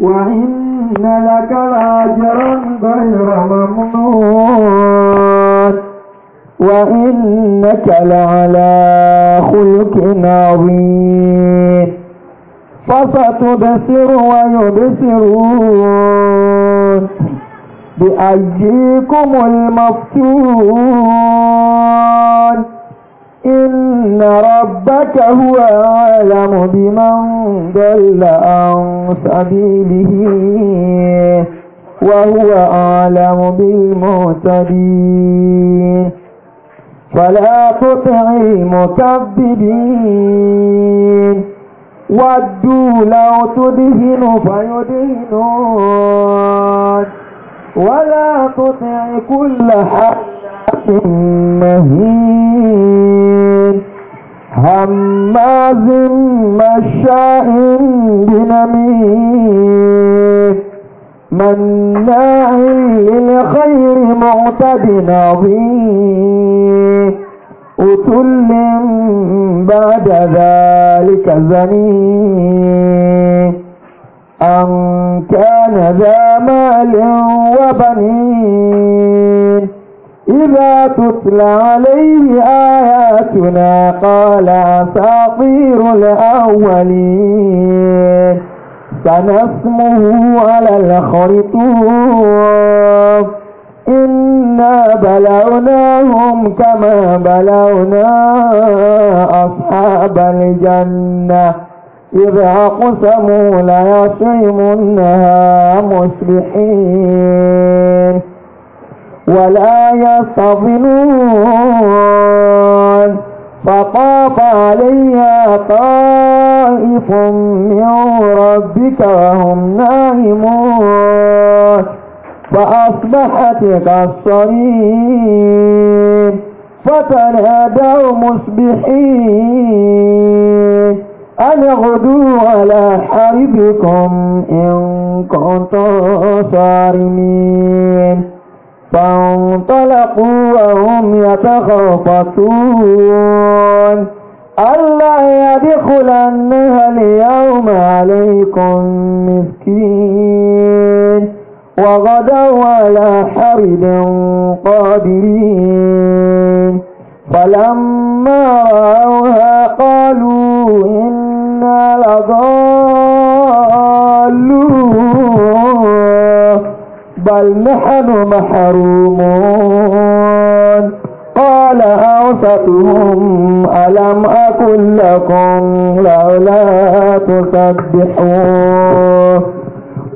وإن لك لاجرا غير ممنون وإنك لعلى خلق عظيم فستبصر ويبصرون بأيكم المفتون إن ربك هو أعلم بمن ضل عن سبيله وهو أعلم بالمهتدين فلا تطع المكذبين ودوا لو تدهن فيدهنون ولا تطع كل حق مهين هماز مشاء بنميم مناع للخير معتد نظيه أتل بعد ذلك زنيم أن كان ذا مال وبنين إذا تتلى عليه آياتنا قال أساطير الأولين سنسمه على الخرطوم إنا بلوناهم كما بلونا أصحاب الجنة إذا أقسموا ليصيمنها مصبحين ولا يستظلون فطاف عليها طائف من ربك وهم نائمون فأصبحت كالصريم فتنادوا مصبحين أن اغدوا على حربكم إن كنتم صارمين فانطلقوا وهم يتخافتون ألا يدخلنها اليوم عليكم مسكين وغدوا على حرد قادرين فلما رأوها قالوا إنا لضالون بل نحن محرومون قال أوسطهم ألم أكن لكم لولا تسبحون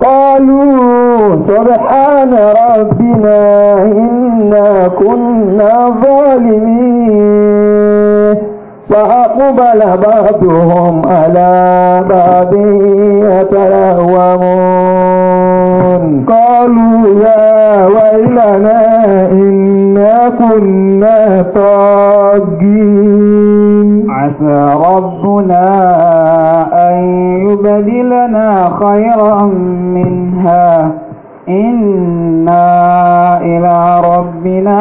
قالوا سبحان ربنا إنا كنا ظالمين فأقبل بعضهم على بعض يتلومون قالوا يا ويلنا إنا كنا طاغين عسى ربنا أن يبدلنا خيرا منها إنا إلى ربنا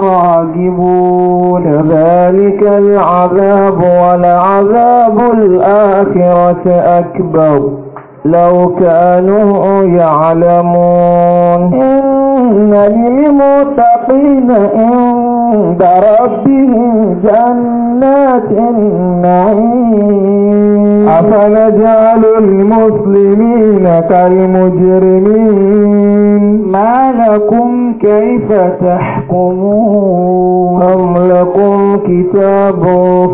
راجبون ذلك العذاب ولعذاب الآخرة أكبر لو كانوا يعلمون إن للمتقين عند ربهم جنات النعيم أفنجعل المسلمين كالمجرمين ما لكم كيف تحكمون أم لكم كتاب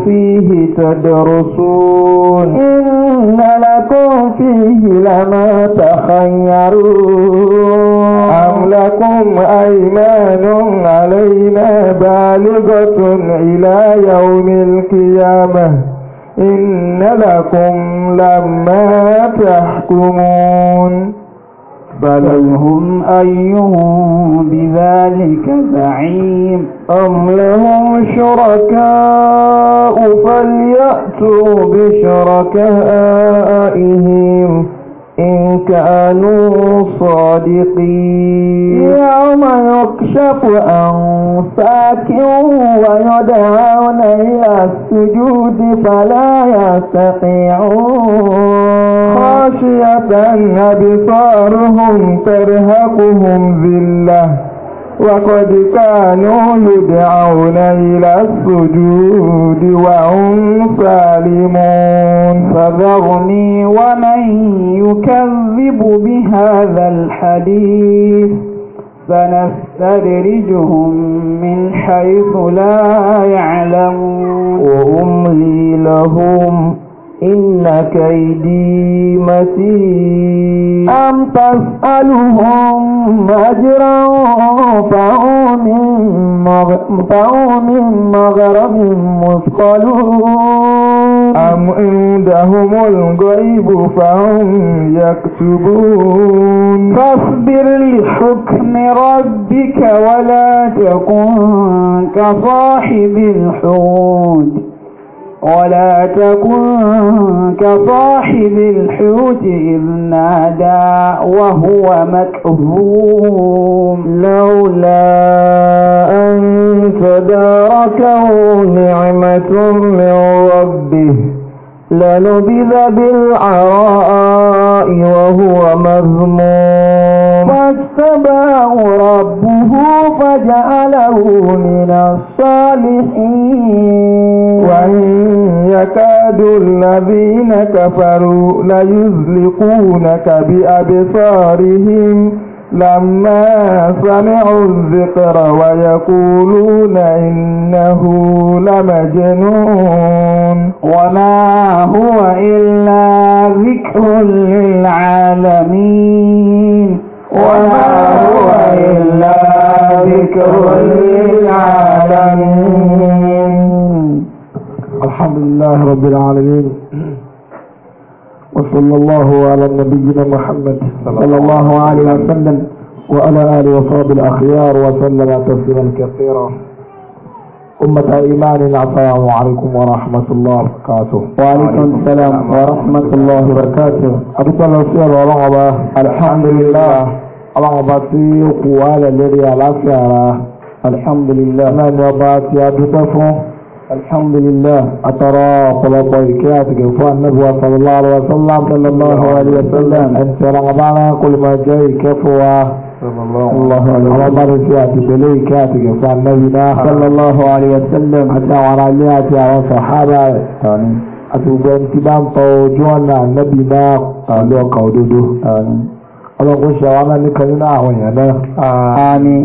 فيه تدرسون إن لكم فيه لما تخيرون أم لكم أيمان علينا بالغة إلى يوم القيامة إن لكم لما تحكمون بل هم أيهم بذلك زعيم أم لهم شركاء فليأتوا بشركائهم إن كانوا صادقين يوم يكشف عن ساك ويدعون إلى السجود فلا يستطيعون خاشية أبصارهم ترهقهم ذلة وقد كانوا يدعون إلى السجود وهم سالمون فذرني ومن يكذب بهذا الحديث سنستدرجهم من حيث لا يعلمون وأملي لهم إن كيدي متين أم تسألهم أجرا فهم من مغرب مثقلون أم عندهم الغيب فهم يكتبون فاصبر لحكم ربك ولا تكن كصاحب الحوت ولا تكن كصاحب الحوت إذ نادى وهو مكظوم لولا أن تداركه نعمة من ربه لنبذ بالعراء وهو مذموم فاتباه ربه فجعله من الصالحين وإن يكاد الذين كفروا ليزلقونك بأبصارهم لما سمعوا الذكر ويقولون إنه لمجنون وما هو إلا ذكر للعالمين وما هو إلا ذكر للعالمين الحمد لله رب العالمين وصلى الله على نبينا محمد صلى الله عليه وسلم وعلى آل وصحبه الأخيار وسلم تسليما كثيرا أمة إيمان السلام عليكم ورحمة الله وبركاته وعليكم السلام ورحمة الله وبركاته أبو الله سير ورغبة الحمد لله رغبة سيق وعلى الذي على الحمد لله من وبات يا الحمد لله أترى صلاة الكاتك وفاء النبوة صلى الله عليه وسلم صلى الله عليه وسلم أنت رمضان كل ما جاي كفوة الله رمضان سيأتي بلي كاتك وفاء النبي صلى الله عليه وسلم حتى وعلى الياتي على صحابة أتوب انتبان طوجونا النبي ناق قالوا قودوده ọlọ́kùn ṣe àwọn amẹ́ríkà nínú àwọn èèyàn náà. àmín.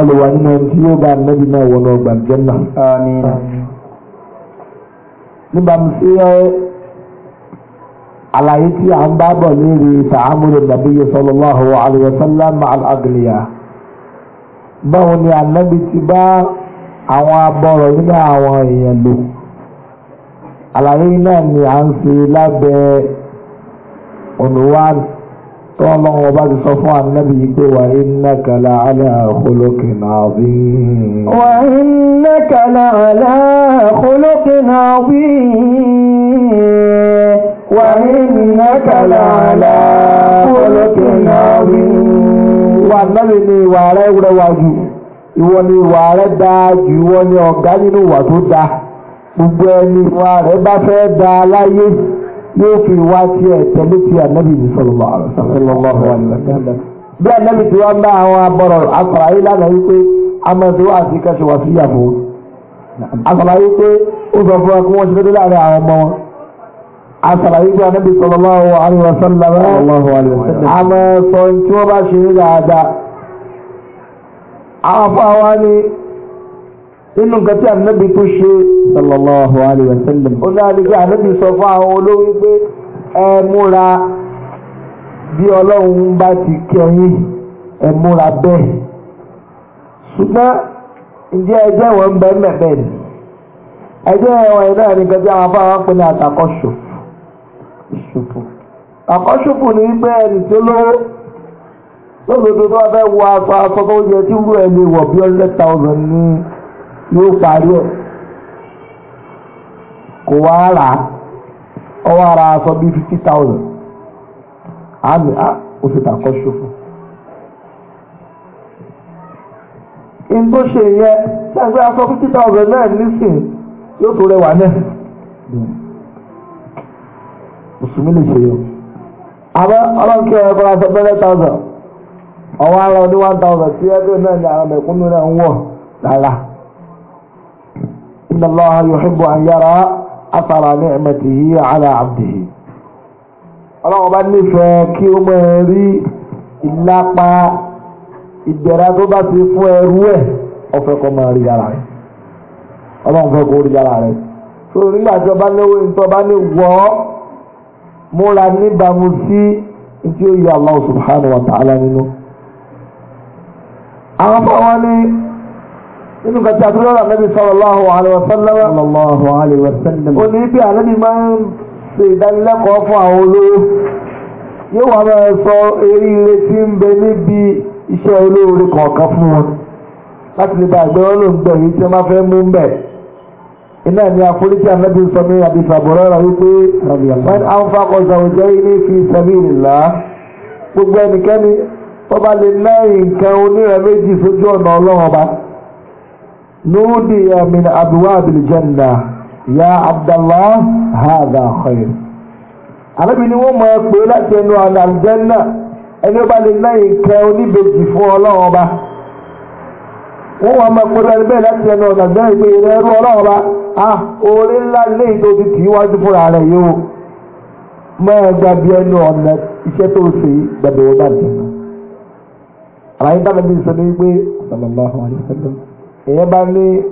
ẹlòwà nínú ẹni tí yóò bá nẹ́bí náà wọnú ọgbà jẹ́ náà. àmín níbàámu sí àlàyé tí à ń bá bọ̀ léèrè ta'amul nabiy sallallahu alayhi wa sallam ma'al aghniya báwo ni ànábi ti bá àwọn abọ́rọ̀ nínú àwọn èèyàn lò àlàyé náà ni à ń ṣe lábẹ́ ọ̀nùwádìí tó ń lọ́wọ́ bá ti sọ fún ànábì yìí pé wà innaka la ala khuluqin azim. wà innaka la ala khuluqin azim. wà innaka la ala khuluqin azim. wà nábì ni ìwà rẹ̀ rẹwà jù ìwọ ni ìwà rẹ̀ dáa jù ìwọ ni ọ̀gá nínú ìwà tó dáa gbogbo ẹni ìwà rẹ̀ bá fẹ́ dáa láyé yóò fi wá sí ẹ tẹ̀lé ti ànábì ní sọlọ́mọ àlọ́ bí ànábì tí wọ́n bá àwọn abọ́rọ̀ akọ̀rọ̀ ayé lánàá yìí pé amọ̀tí wà sí kẹsì wà sí ìyàbò akọ̀rọ̀ ayé pé ó sọ fún wa kí wọ́n ti dédé láàrin àwọn ọmọ wọn asàlàyé bí ànábì sọlọ́mọ àlọ́ sọlọ́mọ àmọ̀ sọ tí wọ́n bá ṣe ní dáadáa àwọn afọ àwọn ni inú nǹkan tí ànábì tó ṣe sallallahu alayhi wa sallam ó dáa nígbà ànábì sọ fún àwọn olówó pé ẹ múra bí ọlọ́run bá ti kẹyìn ẹ múra bẹ́ẹ̀ ṣùgbọ́n ǹjẹ́ ẹjẹ́ wọn ń bẹ mẹ́bẹ́ ni ẹjẹ́ wọn iná nìkan tí àwọn afáwọn pè ní àtàkọ́ṣù ìṣòfò àkọ́ṣùfò ní pé ẹni tó lówó lóòótọ́ tó bá fẹ́ wọ aṣọ aṣọ tó yẹ tí wúrò ẹni wọ̀ bí hundred thousand ní. yóò parí ẹ̀ kò wá rà ọ wá ra aṣọ bíi fifty thousand àmì oṣù tàkọ́ ṣòfò. tó ṣe yẹ ṣẹ́gbẹ́ aṣọ fifty thousand náà nísìn yóò tó rẹwà náà mùsùlùmí lè ṣe yẹ. àmọ́ thousand one thousand إن الله يحب أن يرى أثر نعمته على عبده ọlọ́run bá nífẹ̀ẹ́ kí o mọ̀ rí ìlápa ìdẹ̀ra tó bá ti fún ẹrú ẹ̀ ọ̀fẹ́ kọ́ máa rí yàrá rẹ̀ fẹ́ kó rí yàrá rẹ̀ tó nígbà tí ọba ní ní wọ́ wa ta'ala nínú. nínú kan tí a tún lọ́rọ̀ Ànábì sallallahu alaihi wasallam sallallahu alaihi wasallam ó ní bí Ànábì máa ń ṣe ìdánilẹ́kọ̀ọ́ fún àwọn olówó yóò wá máa sọ eré ilé tí ń bẹ níbi iṣẹ́ olóore kọ̀ọ̀kan fún wọn láti lè bá àgbẹ̀ wọn ló ń gbẹ̀ yìí tí wọ́n bá fẹ́ mú bẹ̀ iná ni àforíjì Ànábì sọ ní àdìsá bọ̀rọ̀rọ̀ wípé نودي من أبواب الجنة يا عبد الله هذا خير alábi ni wọ́n máa pè láti ẹnu àlàjẹ́nà ẹni ó bá lè ná nǹkan oníbejì fún ọlọ́run ọba wọ́n wá máa pè láti bẹ́ẹ̀ láti ẹnu àlàjẹ́nà ìpè ìrẹ́ ẹrú ọlọ́run ọba a oore ńlá lé ètò ti tì í wájú fúnra rẹ̀ yóò máa gbàgbé ẹnu ọ̀nà iṣẹ́ tó ṣe gbàgbé wọn bá lè. àlàyé dábàá bí sọ ní wípé sallallahu alaihi wasallam. èyàn bá ní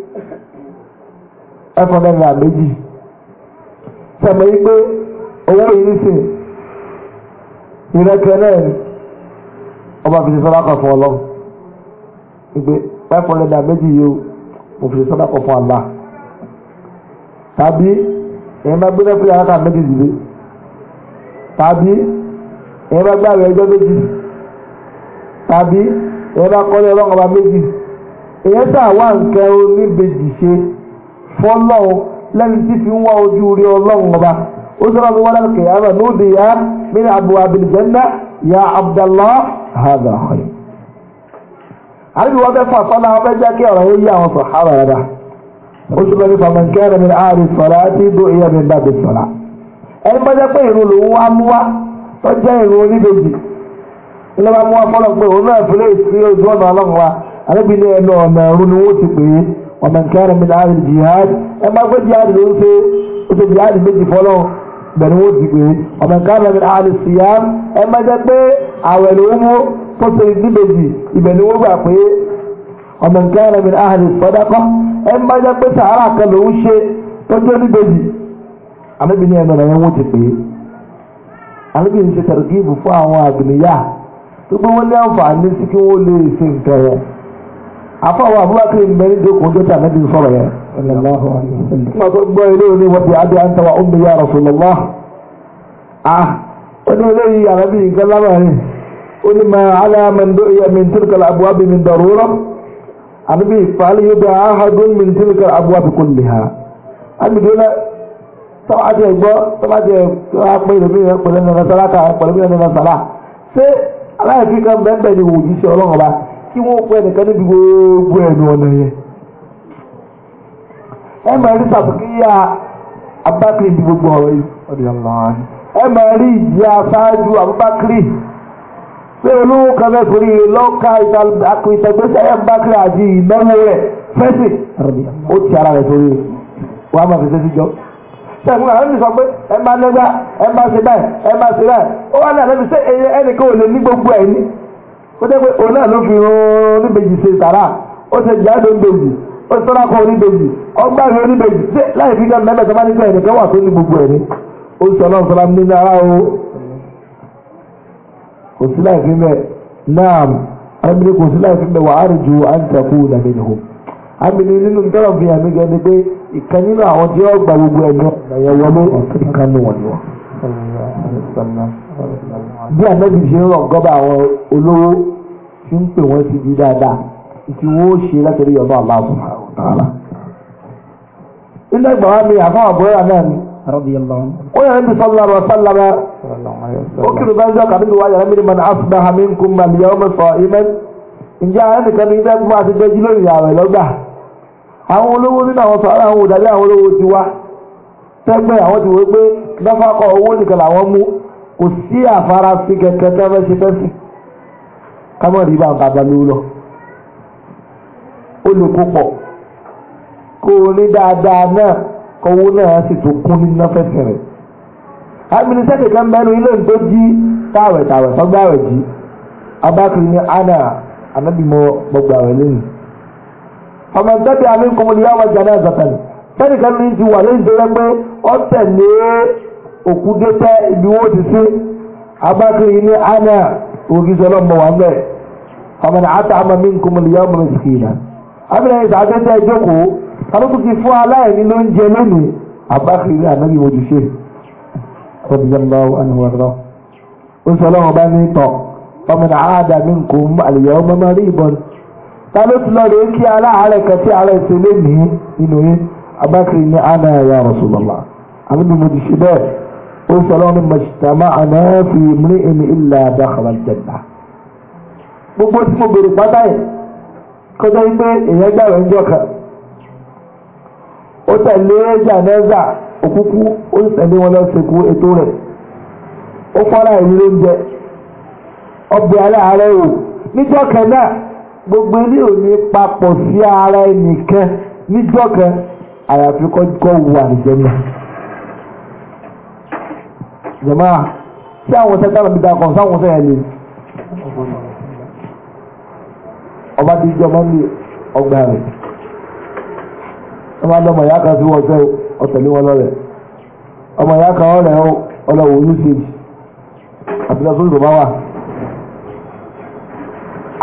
five hundred méjì sọmọ yìí pé owó yìí nísìn ìrẹ́kẹ́ náà ọba fi ṣe sọ́dá kan fún ìgbé five hundred méjì yìí o tàbí bá gbé yàrá tàbí bá gbé àwẹ̀ tàbí bá kọ́lé èyàn tà wá nǹkan oníbejì ṣe fọ́lọ́run lẹ́ni tí fi ń wá ojú rí ọlọ́run ọba ó sọ́ra mi wọ́n lálùkẹ́ yàrá lóde yá ya Abdallah hadha khair. àríbi wọn fẹ́ fà sọ́nà wọn fẹ́ jẹ́ kí ọ̀rọ̀ yẹn yí àwọn sàhábà yàrá ó sì lọ́ni faman kana min ahli salati ẹni bá jẹ́ pé wá mú wá tó jẹ́ oníbejì wa mú wá fọ́lọ́ pé òun náà alábìlẹ̀ ẹnu ọ̀nà ẹ̀rú ni wọ́n ti pè é ọmọ nkẹ́rin mi láàrin jihad ẹ máa gbé jihad ló ń ṣe ó ṣe jihad méjì fọlọ́ bẹ̀rẹ̀ wọ́n ti pè é ọmọ nkẹ́rin mi láàrin siyam ẹ máa jẹ́ pé àwẹ̀ ló ń wó tó ṣe níbejì ibẹ̀ ni wọ́n gbà pé ọmọ nkẹ́rin mi láàrin sọ́dákọ́ ẹ máa jẹ́ pé sàárà kan ló ń ṣe tó jẹ́ níbejì alábìlẹ̀ ẹnu ọ̀nà ẹ̀rú ti pè é alábìlẹ̀ ṣe tẹ̀rẹ̀gì fún àwọn àgbìnìyà tó gbé wọ́n lé àǹfààní sí kí wọ́n lè ṣe nǹkan yẹn àfọwọ́ abúlé mẹ́rin jókòó jọ́tà nẹ́bí sọ̀rọ̀ yẹn. Nígbà tó gbọ́ ilé òní wọ́n ti adé àǹtà wa ọ̀gbìn yà Rasulullah. Ah, ó ní eléyìí àrẹ́bí nǹkan lábàárín. Ó ní ma aláàmẹ́ndó iye mi tilkal abwabi min darura. Àbíbí ìfàlì yóò bẹ ahadun min tilkal abwabi kulliha. Àbídọ́lá tọ́wọ́ àti ẹ̀gbọ́ tọ́wọ́ àti ẹ̀gbọ́ pé ìlú mi yẹn pẹ̀lú ẹ̀nà sàlá kà pẹ̀lú ẹ̀nà sàlá. Ṣé aláìsí kan bẹ́ẹ̀ bẹ́ẹ̀ ni òjì tí wọ́n fún ẹnìkan ndị gbogbo ẹnu na yẹn. ẹ máa rí sàtúkìyà abákìrì ndị gbogbo ọrụ yìí ọ̀dọ̀ ọ̀làn. ẹ máa rí ìjì aṣáájú abákìrì pé olówó kan fẹ́ torí lọ́ọ̀ka ìtàgbésẹ̀ ẹ̀ abákìrì àti sẹ́gun sọ pé ẹ máa lẹ́gbà ẹ máa ṣe báyìí ẹ máa ṣe báyìí ó wà ní àlẹ́ mi sẹ́ ẹnìkan ò lè ní gbogbo ẹ̀ ní. ó jẹ́ pé òun náà ló fi rún oníbejì ṣe sàrà ó ṣe jáde oníbejì ó sọ́ra kọ́ oníbejì ọgbà mi oníbejì ṣé láì fi dáná mẹ́ta tó bá ní pé ẹnìkan wà tó ní gbogbo ẹ̀ ni ó sọ náà sọ́ra ní ara o kò sí láì fi mẹ́ náà ẹnìkan kò sí láì fi mẹ́ wà á rí ju à ń tẹ̀kú ìlànà nínú tọ́lọ̀ fi hàn mí gan pé ìkan nínú àwọn tí ó gba bí ànábì ṣe ń ràn gọ́bà àwọn olówó tí ń pè wọ́n sí di dáadáa tí wọ́n ó ṣe látọ̀rí ọba Allah subhanahu wa ta'ala. ilé ìgbàwá mi àfáwọn àbúrò náà ni ó yẹ níbi sọ́lámà sọ́lámà ó kìlọ̀ bá ń jọ kàbí wáyà lẹ́mìnì mọ́ni asùnà hàmí ń kún màmí yàwó mẹ́sọ̀ ìmẹ́ ǹjẹ́ àwọn ẹnìkan ní ilé ẹgbẹ́ àti dẹ́jú lórí ààrẹ lọ́gbà àwọn olówó nínú àwọn sọ̀rọ̀ kò sí àfarasí kẹkẹ tẹ́fẹ́ ṣe fẹ́sì kámọ̀ rí bá ń bàbá ló lọ olùkópọ̀ kó o ní dáadáa náà kọ́wó náà sì tó kún ní náfẹ́sì rẹ̀ àmìnísẹ́kì kan mẹ́nu ilé tó jí táwẹ̀ táwẹ̀ sọ́gbàwẹ̀ jí abákiri ní ana anábìmọ̀ gbọgbàwẹ̀ lẹ́yìn ọmọ ìtẹ́bí àmì kọ́mọdé yàwó jẹ́ náà zàtàlì sẹ́nìkan ní ti wà lẹ́yìn tó rẹ́ pé ọ́ tẹ̀lé òkú dé tẹ́ ibi wọ́n ti sí abákiri ní àná ògìsọ náà mọ̀ wá mẹ́ ọmọ ní ata ama mi nkùnmù lè yá ọmọ mi sìkì yìí abẹ́rẹ́ yìí sàbẹ́ tẹ́ ìjókòó alókù fún aláìní ló ń jẹ lónìí abákiri ní àná ìwòjì ṣe ọdún yẹn bá wà ní wọ́n lọ. ó sọ lọ́wọ́ bá ní tọ̀ ọmọ ní àádá mi nkùnmù àlèyé ọmọ máa rí ìbọn ta ló ti lọ rèé kí aláàárẹ̀ kan tí lé ó sọ lọ́nà majtama'na fi imri'in illa dakhala al-jannah gbogbo tí mo bèrè pátá yẹn kọjá wípé èèyàn ó tẹ̀lé òkúkú ó sì tẹ̀lé wọn lọ ètò rẹ̀ ó ìrírí oúnjẹ ọbẹ̀ o níjọ́ kan náà gbogbo ilé òní papọ̀ sí ara ẹnìkan níjọ́ kan àyàfi wà jọ̀mọ́ à tí àwọn ọ̀sẹ̀ tábà bí dakọ̀ sáwọn ọ̀sẹ̀ yẹn ni ọba ti jọmọ ní ọgbà rẹ̀ ọba dọmọ ìyá kan sí wọ́n sẹ́ ọ̀tẹ̀lé wọn lọ́rẹ̀ ọmọ ìyá kan ọ̀rẹ́ ọlọ́wọ́ usage àbílẹ̀ tó sọ̀bá wà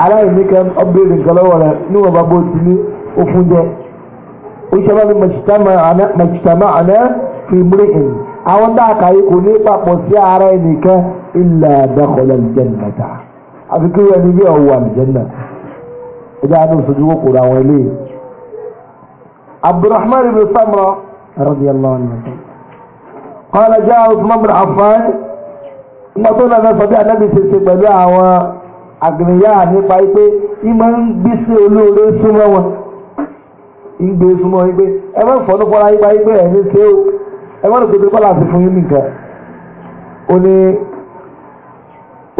aláìní kan ọ̀bẹ̀rẹ̀ nǹkan lọ́wọ́ rẹ̀ níwọ̀n bá bó ti ní ó jẹ ó ṣe bá mi màṣítàmà àná fi múlẹ̀ ẹ̀yìn àwọn tá a kà yìí kò ní papọ̀ sí ara ẹnìkan illa dakhala al-jannata àfi kí wọ́n ní bí ọ̀wọ́ àlùjẹ́nà ẹjẹ́ àti òṣèlú wọ́n kò ra àwọn ilé Abdurrahman ibn Samra radiyallahu anhu qala jaa Uthman bin Affan nígbà tó nàá sọ bí anábì ṣe ṣe pẹ̀lú àwọn àgbìnyà nípa pé ìmọ̀ ń bí sí olóore súnmọ́ wọn ìgbé ẹ ẹ wọ́n rẹ̀ pé bí kọ́lá sí fún yín nìkan ó ní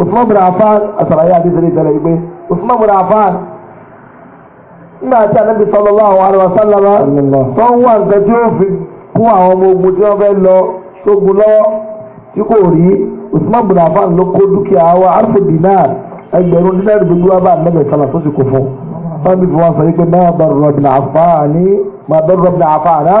Usman bin Affan àtàlàyé àdìsẹ́ lè tẹ̀lé ìgbé Usman bin Affan nígbà tí Ànábì sallallahu alaihi wasallam tó ń wà nǹkan tí ó fi kún àwọn ọmọ ogun tí wọ́n fẹ́ lọ sógun lọ́wọ́ tí kò rí Usman bin Affan ló kó dúkìá wa arfu dinar ẹgbẹ̀rún dinar gbogbo wa bá Ànábì sọlá tó sì kò fún. wọ́n bí fún wa sọ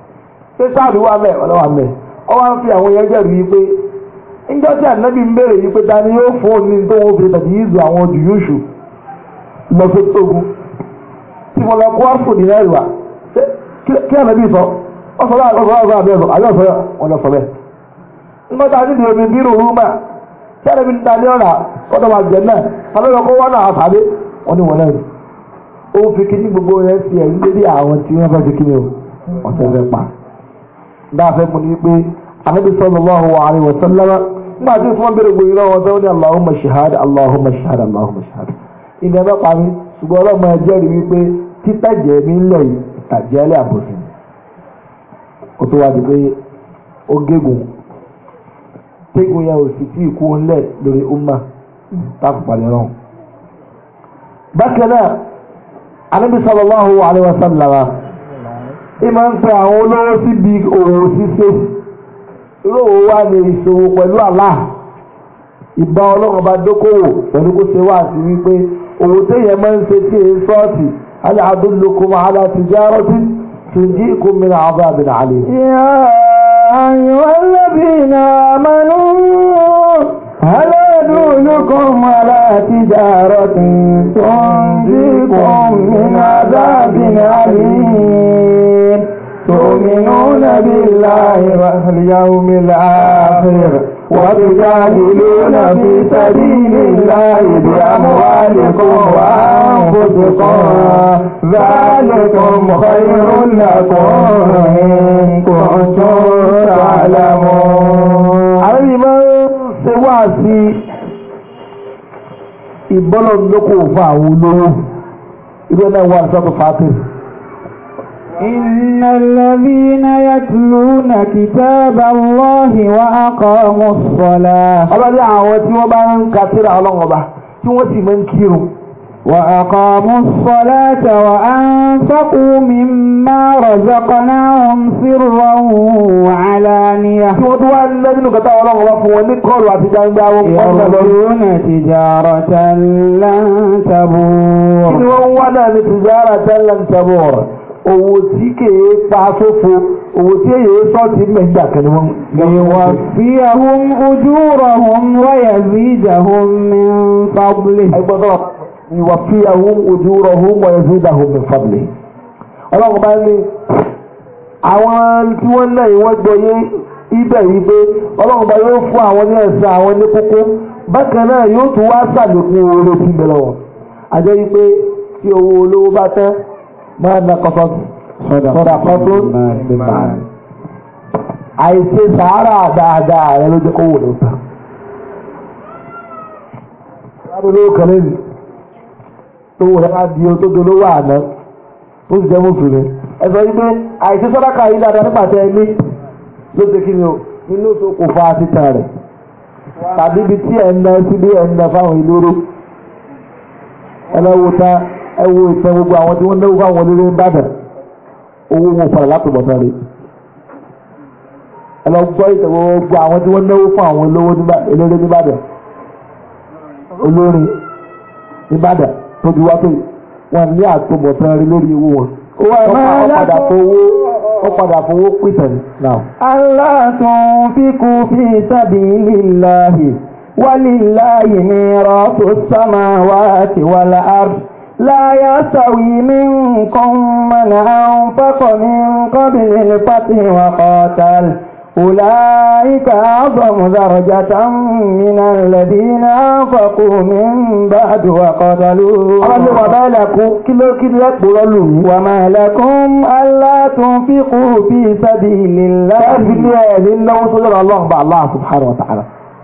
pé sáàdù wà mẹ́ ọlọ́wà mẹ́ ọ wá ń fi àwọn yẹn jẹ́rìí yìí níjọ́ tí ànábì ń béèrè yìí pé ta yóò fún òní tó wọ́n fi tàbí àwọn lọ sí tí mo ọ láàrín ọsọ láàrín sọ nígbà tá a ti dìrò mi bí rò rúmà tí ànábì ta ní ọ̀nà ọ̀dọ̀ wọn náà wọn dáfẹ́ mu ní pé anabi sallallahu alayhi wa sallam nígbà tí wọ́n bẹ̀rẹ̀ gbòòrò náà wọ́n ní allahumma shahada allahumma shahada allahumma shahada ilẹ̀ bá parí ṣùgbọ́n ọlọ́mọ ẹjẹ́ rí wípé títàjẹ́ mi ń lẹ̀ ìtàjẹ́lẹ̀ àbòsí ó tó wá di pé ó gégùn tégùn yẹn ò sì tí ìkú ńlẹ̀ lórí umma táàpùpàdé náà. bákan náà anabi sallallahu alayhi wa sallam ìmọ̀ ń pẹ àwọn olówó síbi òwò ṣíṣe lóòwò wà ní ìṣòwò pẹ̀lú àlá ìbá ọlọ́run bá ala pẹ̀lú kó ṣe wá sí wípé òwò téèyàn máa ń ṣe tí èyí sọ́ọ̀tì alẹ́ adúlùkùn àlá tìjárọ́tì تنجيكم من عذاب عليم يا أيها الذين آمنوا تؤمنون بالله واليوم الآخر وتجادلون في سبيل الله بأموالكم وأنفسكم ذلكم خير لكم إن كنتم تعلمون àríwá ṣe wá sí ìbọ́lọ̀ lókòó fún àwọn olówó ìgbẹ́ náà wà sọ́tò fàákìrì إن الذين يتلون كتاب الله وأقاموا الصلاة ọba ní àwọn tí wọ́n bá ń ka tírà ọlọ́run ọba tí wọ́n sì máa ń kírun وأقاموا الصلاة وأنفقوا مما رزقناهم سرا وعلانية tí wọ́n tó wá lẹ́nu kẹta ọlọ́run ọba fún wọn ní kọlù àti gbangba wọn pọ́nlẹ̀ lọ. يرجون تجارة لن تبور. kí ni wọ́n wá náà ní تجارة لن تبور. owó tí kèé pa fófo owó tí èyí sọ́ọ̀tì mẹ́gbà kan wọn. ìwà sí àwọn ojú rọ̀ wọn wáyà sí ìjà ní ìwà ojú rọ̀ wọn wáyà sí ìjà ní fábùlì. ọlọ́run bá ní àwọn tí wọ́n náà yé ibẹ̀ yìí pé mọ́ẹ̀dá kọ́kọ́ sọ̀dàkọ́tò ìmọ̀ràn àìsí sàárà dáadáa rẹ ló jẹ́ kówó lóta ládùúgbò kan lẹ́yìn tó wọ̀ lára di o tó dolówó àná ó sì jẹ́ mùsùlùmí ẹ̀sọ́ yìí pé àìsí sọ́dáka yìí dáadáa nígbà tẹ́ ẹ ló ṣe kí ni o inú tó kò fa títà rẹ̀ tàbí ibi tí ẹ̀ ń ná sílé ẹ̀ ń ná fáwọn ìlú ró ẹ lọ́wọ́ tá. ẹ wo ìtàn gbogbo àwọn tí wọ́n náwó fáwọn olórí ń bàdàn owó wọn padà látòbọ̀ sáré ẹ lọ gbọ́ ìtàn gbogbo àwọn tí wọ́n náwó fún àwọn olórí olórin wá pé wọn ní sáré lórí wọn fowó fowó pìtàn náà. aláàtún fíkú fi لا يستوي منكم من أنفق من قبل الفتح وقاتل أولئك أعظم درجة من الذين أنفقوا من بعد وقتلوا وما لكم وما لكم ألا تنفقوا في سبيل الله الله سبحانه وتعالى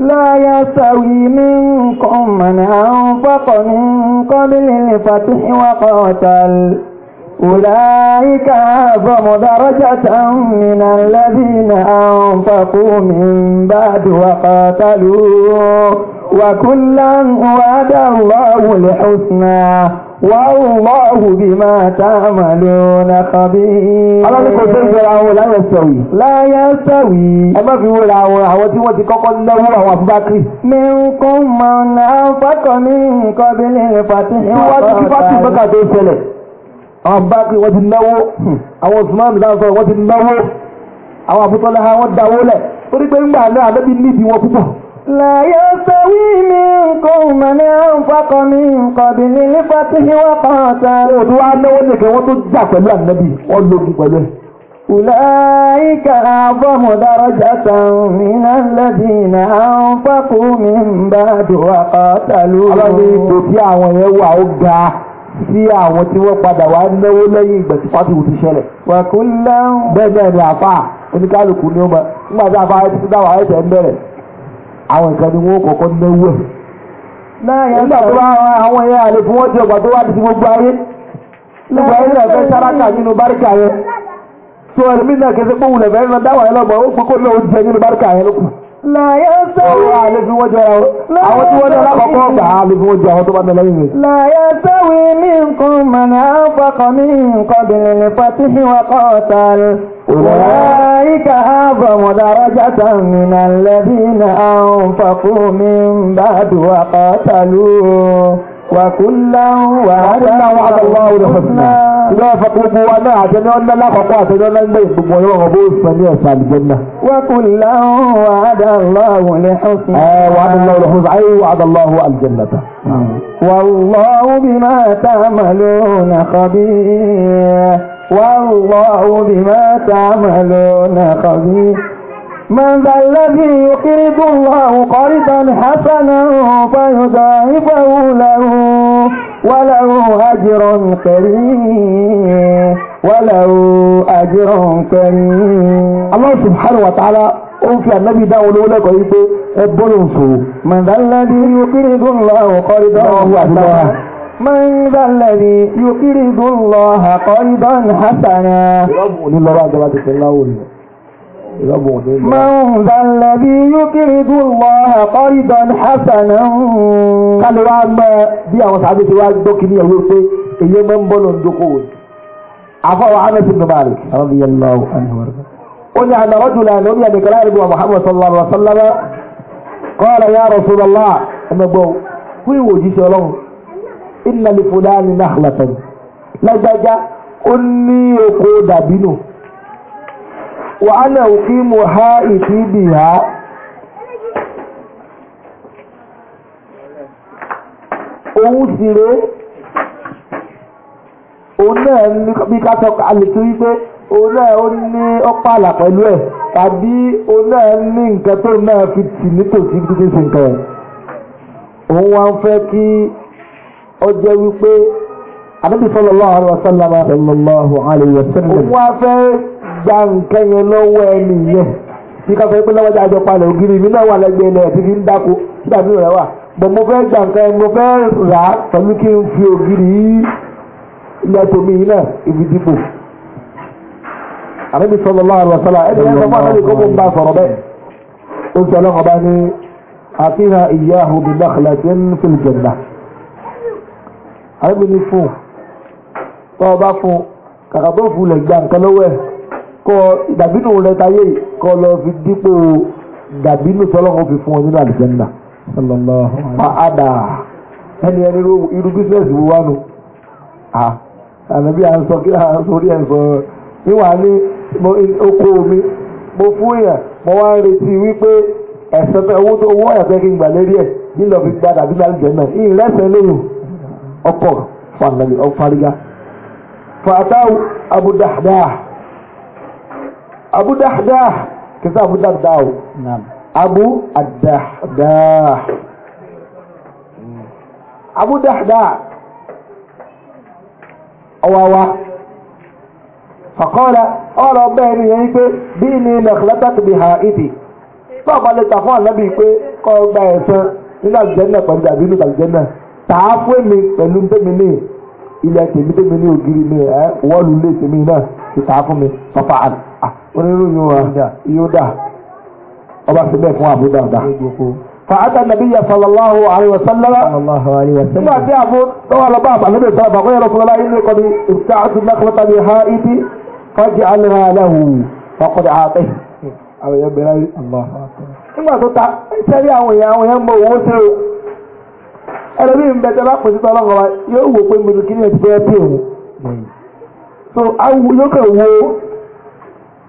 لا يستوي منكم من أنفق من قبل الفتح وقاتل أولئك أعظم درجة من الذين أنفقوا من بعد وقاتلوا وكلا وعد الله الحسنى والله بما تعملون خبير الله ni kò tó ń jẹra àwọn láyé sọ̀wì. láyé sọ̀wì. ẹ má fi wúra àwọn àwọn tí wọ́n ti kọ́kọ́ lẹ́wọ́ àwọn àbúbákiri. mi ń kó mọ̀ náà fọ́kọ̀ mi nǹkan bí lè fàtí. níwájú kí fásitì bẹ́kà tó ṣẹlẹ̀. àwọn àwọn Usman wọ́n ti náwó لا يستوي منكم من أنفق من قبل الفتح وقاتل ọdún wa náwó nìkan wọ́n tó jà pẹ̀lú ànábì wọ́n lógun pẹ̀lú ẹ̀. أولئك أعظم درجة من الذين أنفقوا من بعد وقاتلوا. ọlọ́run ipò tí àwọn yẹn wà ó ga sí àwọn tí wọ́n padà wá náwó lẹ́yìn ìgbà tí fásitì ti ṣẹlẹ̀. wàkúńlá. bẹ́ẹ̀ bẹ́ẹ̀ ni àfà oníkálukú ni ó mọ̀ nígbà tí àfà ẹ̀ ti dáwà ẹ̀ tẹ̀ ń bẹ̀rẹ̀ àwọn ìkan ni wọ́n kọ́kọ́ náwó ẹ̀. nígbà tó bá àwọn ẹ̀yà àlè fún wọ́n ti ọgbà tó wá ti gbogbo ayé nígbà ayé náà fẹ́ sáráka nínú báríkà yẹn tó ẹlòmínà kẹsẹ́ pé òun lè fẹ́ ràn dáwà yẹn lọ́gbọ̀n láyé sẹ́wì. Àwọn àlefin wọ́n jọ àwọn tí wọ́n ní alákọ̀ọ́kọ́ ọ̀gbà àlefin wọ́n jọ àwọn tó bá ní ọlọ́yìn rẹ̀. Láyé sẹ́wì nǹkan mọ̀nà àpapọ̀ ní nǹkan bìnrin ní pàtí fi wọ́n kọ́ ọ̀tà rẹ̀. ààbọ̀ mọ̀dára játa mìnà lẹ́bí na àwọn fàkún mi ń bá dùn àpáta lù. Wàkúnlá wàhálà wàhálà ìgbà ẹ̀fọ́ gbogbo wa náà àjẹni ọ̀nà lápapọ̀ àjẹni ọ̀nà ń gbé ìgbìmọ̀ yóò rọ̀ bó sọ ní ẹ̀sà àlùjẹ́nà. wákùnlá wà á dà lọ́wọ́ ní ọ̀sán. ẹ wà á dà lọ́wọ́ lọ́wọ́ sọ ayé wà من ذا الذي يقرض الله قرضا حسنا فيضاعفه له وله أجر كريم وله أجر كريم الله سبحانه وتعالى ó fi ànábì dáwọn olówó lẹ́kọ̀ọ́ yìí pé ẹ bọ́lọ̀ ń fò. mọ̀ndánlẹ́dì yóò kiri dùn lọ ọ̀kọ́rí dán hasana. mọ̀ndánlẹ́dì yóò kiri dùn lọ ọ̀kọ́rí dán hasana. ìrọ́bù onílọ́wọ́ àjọba ti fẹ́ láwọ̀ nù. من ذا الذي يقرض الله قرضا حسنا kálí wá mọ́ bí àwọn sàbí ti wá gbọ́ kí ní ẹ̀wọ́ pé èyí mọ́ ń bọ́ lọ dókò wò afọwọ́ amẹ́sì ní bàárẹ̀ radiyallahu anhu ó ní àná rọ́jùlá ní orí ẹ̀dẹ̀kẹ́ láì rí Muhammad sallallahu alaihi wa sallam qala ya Rasulullah ẹ̀mẹ́gbọ́ وأنا أقيم هائتي بها òun sì ré òun náà ní bí ká sọ àlètò wípé òun náà ó ní ọ́pá àlà pẹ̀lú ẹ̀ tàbí òun náà ní nǹkan o náà fi tì nítòsí gbígbé ṣe pe ẹ̀ sallallahu alaihi wasallam sallallahu alaihi wasallam gba nǹkan yẹn lọ́wọ́ ẹni yẹn bí ká fẹ́ pé lọ́wọ́dá àjọ palẹ̀ ògiri mi náà wà lẹ́gbẹ̀ẹ́ ilẹ̀ àti fi ń dáko nígbà tí ìrẹ̀ wà bọ̀ mo fẹ́ gbà nǹkan mo fẹ́ rà á pẹ̀lú kí n fi ògiri ilẹ̀ tòmí yìí náà ibi dìbò. àbẹ́bí sọ̀rọ̀ láàrú ọ̀sọ́lá ẹni ẹni ọmọ àtàlẹ́ kó mo ń bá sọ̀rọ̀ bẹ́ẹ̀. ó sọ lọ́kọ̀ bá ní àfihàn ìyá òbí dákàlà tí ń fi kọ́ dàbínú rẹ táyé kọ́ lọ fi dípò dàbínú tọ́lọ́wọ́ fi fún ọ nínú àlùjẹ́ńdà. Fàádà ẹni ẹni irú bísíǹsì wo wá nu? Ànàbí à ń sọ kí à ń sọrí ẹ̀ sọ níwàá ní oko mi mo fún yẹn mo wá ń retí wípé ẹ̀sẹ̀ pé owó tó owó ẹ̀fẹ́ kí n gbà lérí ẹ̀ nílò fi gba dàbínú àlùjẹ́ńdà. Ìrẹsẹ̀ lẹ́yìn ọkọ̀ fún ànàbí ọ̀fárígá. Fàtàwù Abu Dahdah abu dahdah kì í sá abu dahdah o abu adahdah abu dahdah ọwọ́ wa fàkọ́ra ọ̀rọ̀ bẹ́ẹ̀ ni yẹn pé bí ní nàkìlátàkì bí ha ìdì tó ọba lè ta fún ànábì pé kọ́ gba ẹ̀san nínú àlùjẹ́nà pẹ̀lú àbí nínú àlùjẹ́nà tàá fún èmi pẹ̀lú tèmi ní ilẹ̀ tèmi tèmi ní ògiri ní ẹ̀ wọ́ọ̀lù ilé tèmi náà ti tàá fún mi pàpà àná. onírúurú wọn yóò ọba ti bẹ́ẹ̀ fún àbúdà dà. فأتى النبي صلى الله عليه وسلم صلى الله عليه وسلم بعد أبو طوال باب النبي صلى الله عليه وسلم إني قد ابتعت النخلة بحائتي فاجعلها له فقد أعطيه أو يا بلال الله أكبر nígbà tó ta mọ owó sí o ẹ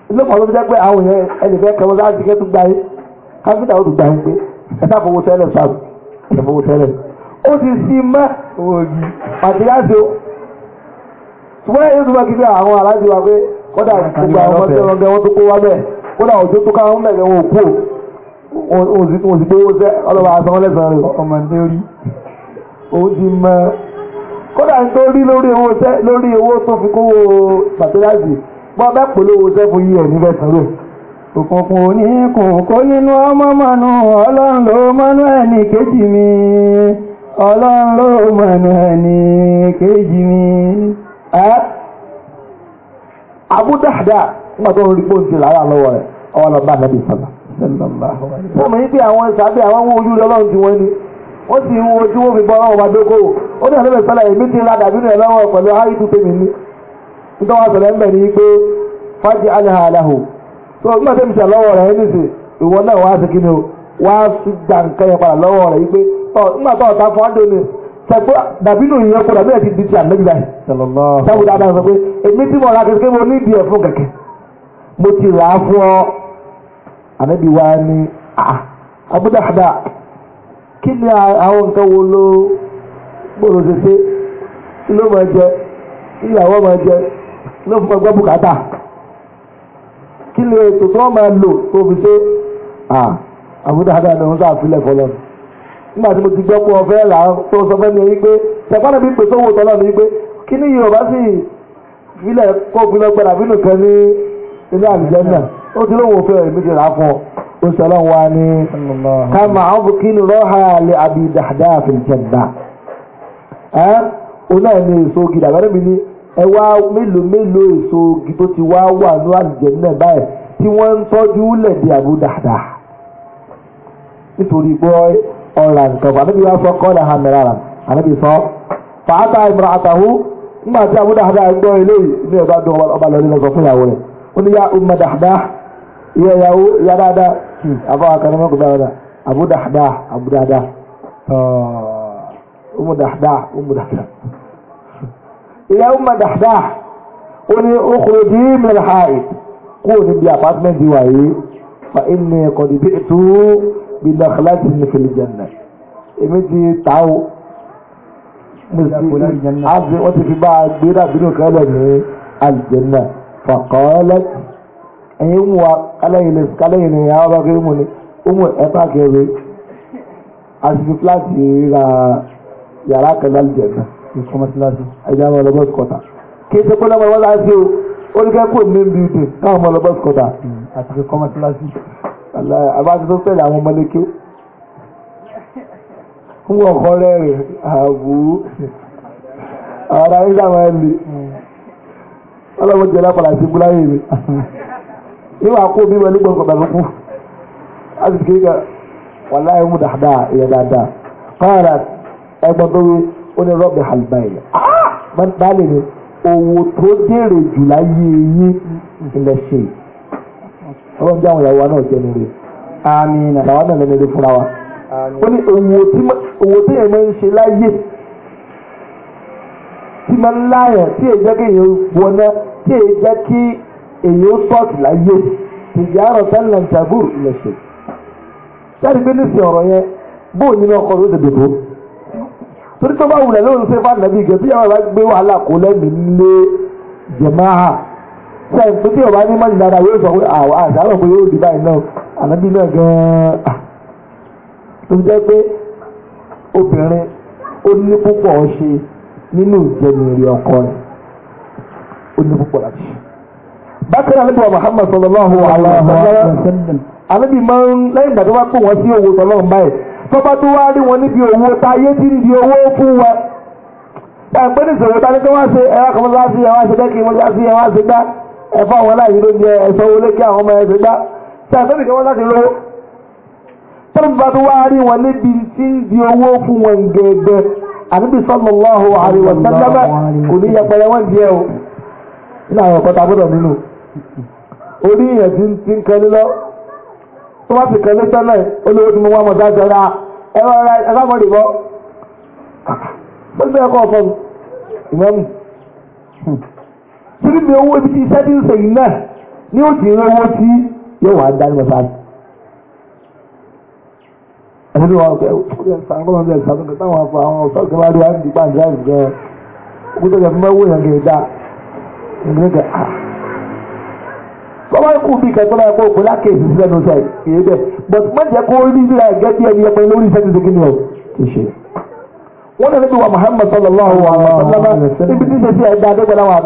ilé kan ló fi jẹ́ pé àwọn èèyàn ẹnìkan kẹwọn láti ti kẹ́tù gbáyé káfíńtà ó ti gbà yín pé ẹ̀ta fowó tẹ́lẹ̀ sáàbù ẹ̀ta fowó tẹ́lẹ̀ ó ti sí mọ́ òògì pàtíyáṣe o ṣùgbọ́n èyí tó bá kí àwọn aláàjì wa pé kódà gbogbo àwọn ọmọ ọgbẹ́ wọn tó kó wá bẹ́ẹ̀ kódà òjò tó káwọn mẹ́rin wọn ò kú òun sì gbówó sẹ́ ọlọ́wà asanwó lẹ́sàn-án rẹ̀ ọmọ ní orí ó ti mọ́ kódà ń lórí owó tó fi kówó pàtíyáṣe bọ́ bẹ́ polówó sẹ́fù yí ẹ̀ níbẹ̀ sanwó òkùnkùn ní kòkó nínú ọmọ mọ̀nù ọlọ́run ló mọ́nú ẹni kejì mi ọlọ́run ló mọ̀nù ẹni kejì mi. Abu Dahda nígbà tó ń lára lọ́wọ́ rẹ̀ ọwọ́ lọ bá nàbì àwọn àwọn wọ́n ní nítorí wọn sọ̀rọ̀ ẹ̀mẹ́ ni pé fájì aláha aláhù so nígbà tí mo ṣe lọ́wọ́ rẹ̀ nísì ìwọ náà wá sí kí ni o wá sí gbà nǹkan yẹn padà lọ́wọ́ rẹ̀ pé ọ nígbà tó ọ̀tá fún adó ni sẹ́gbẹ́ dàbí dàbí ẹ̀ ti di ti báyìí ló fún ọgbọ́n bùkátà kí lè ètò tí wọ́n máa lò tó fi ṣe àmúdáadáa ni wọ́n sá àfilẹ̀ fọlọ́ nígbà tí mo ti gbọ́ pé ọ̀fẹ́ là tó sọ fẹ́ mi wípé ṣẹ̀fọ́n mi pèsè owó tọ́lọ́ mi wípé kí ní Yorùbá sì filẹ̀ kó fi lọ gbẹdà bínú kan ní ilé àlùjẹ́ náà ó ti lóun òfin ẹ̀mí ti rà á fún ọ ó sọ lọ́n wa ní kama ọ̀bù kí ni rọ́hà lè àbí dàdá àfẹ̀jẹ̀ dà ẹ́ òun náà ní èso gidi àbẹ́rẹ́ mi ní ẹ wá mélòó mélòó èso ogi tó ti wá wà ní àlùjẹ náà báyìí tí wọ́n ń tọ́jú lẹ̀dí àbú dáadáa nítorí gbọ́ ọ̀rà nǹkan bá níbi wá sọ kọ́lá ha mẹ́ra rà àníbi sọ fàátà ìmọ̀ràn àtàwù nígbà tí àbú dáadáa gbọ́ eléyìí ní ọba dùn ọba lọ́rí lọ sọ fún ìyàwó rẹ̀ ó ní yá umma dáadáa ìyá ìyàwó ìyá dáadáa hmm, àbá àkàrà mọ́kùnrin dáadáa àbú dáadáa àbú dáadáa ìyá ọmọ dàdà ó ní okòrò bí mìíràn háì kúrò níbi àpátímẹ́ǹtì wà yìí fa inú ẹ̀kọ́ dìbí ètò bí dàkàláàtì ní fìlì jẹ̀nà èmi ti ta ó àti wọ́n ti fi bá a gbé dàbí nù kẹ́lẹ̀ ní àlìjẹ̀nà fàkọ́ọ́lẹ́ ẹ̀yin mú wa kálẹ̀yìn ní àwọn bá kéré mú ni ó mú ẹ̀fà kẹrin àti fi fúláàtì ra yàrá kẹlẹ́ àlìjẹ̀nà nǹkan mọ́tíláṣí ẹ̀yà àwọn ọlọ́bọ̀ kọ̀tà kí ṣe kọ́lá wọn wọ́n láti o ó ní kẹ́kọ̀ọ́ ní ibi ìdè káwọn ọlọ́bọ̀ kọ̀tà àti nǹkan mọ́tíláṣí àbájọ tó pẹ̀lú àwọn ọmọlékè ń wọ̀ kọ́ rẹ́rìn àwù ara ń sàmọ́ ẹ̀ lè ọlọ́wọ́ jẹ́ lápàlà sí búláyé mi níwà kó bí wọn nígbà kọ̀ọ̀bà lókù láti kéka wàláyé mú dáadáa ìyẹn dáadáa fáàrà ẹgbọ́n tó wí ó ní rọ́bì àlùbáyé ah! báàlì ni owó tó dèrè jù láyé yín ilẹ̀ ṣe ọlọ́run jẹ́ àwọn ìyàwó wa náà jẹ́ nire àmín àtàwọn náà lẹ́nu ilé fúnra wa ó ní owó tí èèyàn máa ń ṣe láyé tí máa ń láyà tí èèyàn jẹ́ kí èèyàn wọná tí èèyàn jẹ́ kí èèyàn sọ́ọ̀tì láyé tìjà àrọ̀ tẹ́lẹ̀ ń tàgùrù ilẹ̀ ṣe. sáré gbé nísìnyí ọ̀rọ̀ yẹn bóun nínú ọkọ̀ ló dèdè tó. torí tó bá wulẹ̀ lóhùn ṣe fún ànábì gẹ̀ tí yàrá bá gbé wàhálà kó lẹ́mìí lé jẹ̀máà sẹ́yìn pé tí ọba ní mọ́ni dáadáa yóò sọ pé ah, àwọn àṣàrò pé yóò di báyìí náà ànábì náà gan-an tó jẹ́ pé obìnrin ó ní púpọ̀ ṣe nínú ìjẹnìrì ọkọ rẹ̀ ó ní púpọ̀ láti ṣe. bákan wa Muhammad sallallahu alaihi wa máa ń lẹ́yìn ìgbà tó bá tọ́ba tó wá rí wọn níbi òwò ta ayé tí ń di owó fún wa ẹgbẹ́ ní ìṣòro ta ní kí wọ́n ṣe ẹ̀rọ kan mọ́tò sí ẹ̀wọ́n ṣe bẹ́ẹ̀ kí mọ́tò sí ẹ̀wọ́n ṣe ẹ̀fọ́ àwọn aláìní ló ń jẹ ẹ̀sọ́ owó lé àwọn ọmọ ẹ̀ṣẹ̀ gbá ṣàgbẹ́ nìkan wọ́n láti lówó tọ́ba tó wá rí wọn níbi tí ń owó fún wọn gẹ̀ẹ́gẹ́ àbíbi sallallahu alaihi wa tó bá fi kàn lé tẹ́lẹ̀ olówó tí mo wá mọ̀ dájọ́ ra ẹ̀rọ ara ẹ̀rọ àmọ́ ìbọn ẹ̀kọ́ ọ̀fọ́ ìmọ̀mù. Sírí mi owó ibi iṣẹ́ ti ń sè yìí náà ní ó ń owó tí yóò wá dá ní mọ́sáàdì. Ẹni tí wọ́n fẹ́ sàkóso ní ẹ̀sán tó táwọn afọ àwọn ọ̀sán kan wáá di wáá di pàǹdà ìgbẹ́ òkúta ìjọba mẹ́wó yẹn kì í dá. Ìgbẹ́ kẹ́ ah bọ́wọ́ ikú bí kẹ̀kẹ́ bá ẹ̀kọ́ òkú lákèjì sí ẹnu sọ èyí bẹ́ẹ̀ but má kó rí nílẹ̀ ẹ̀gẹ́ bí ẹni ẹ̀pẹ́ lórí iṣẹ́ tuntun kìnìún ti ṣe. wọ́n lè wà Muhammad sallallahu alaihi wa sallam ibi tí ṣe sí ẹ̀dá adégbèlá wà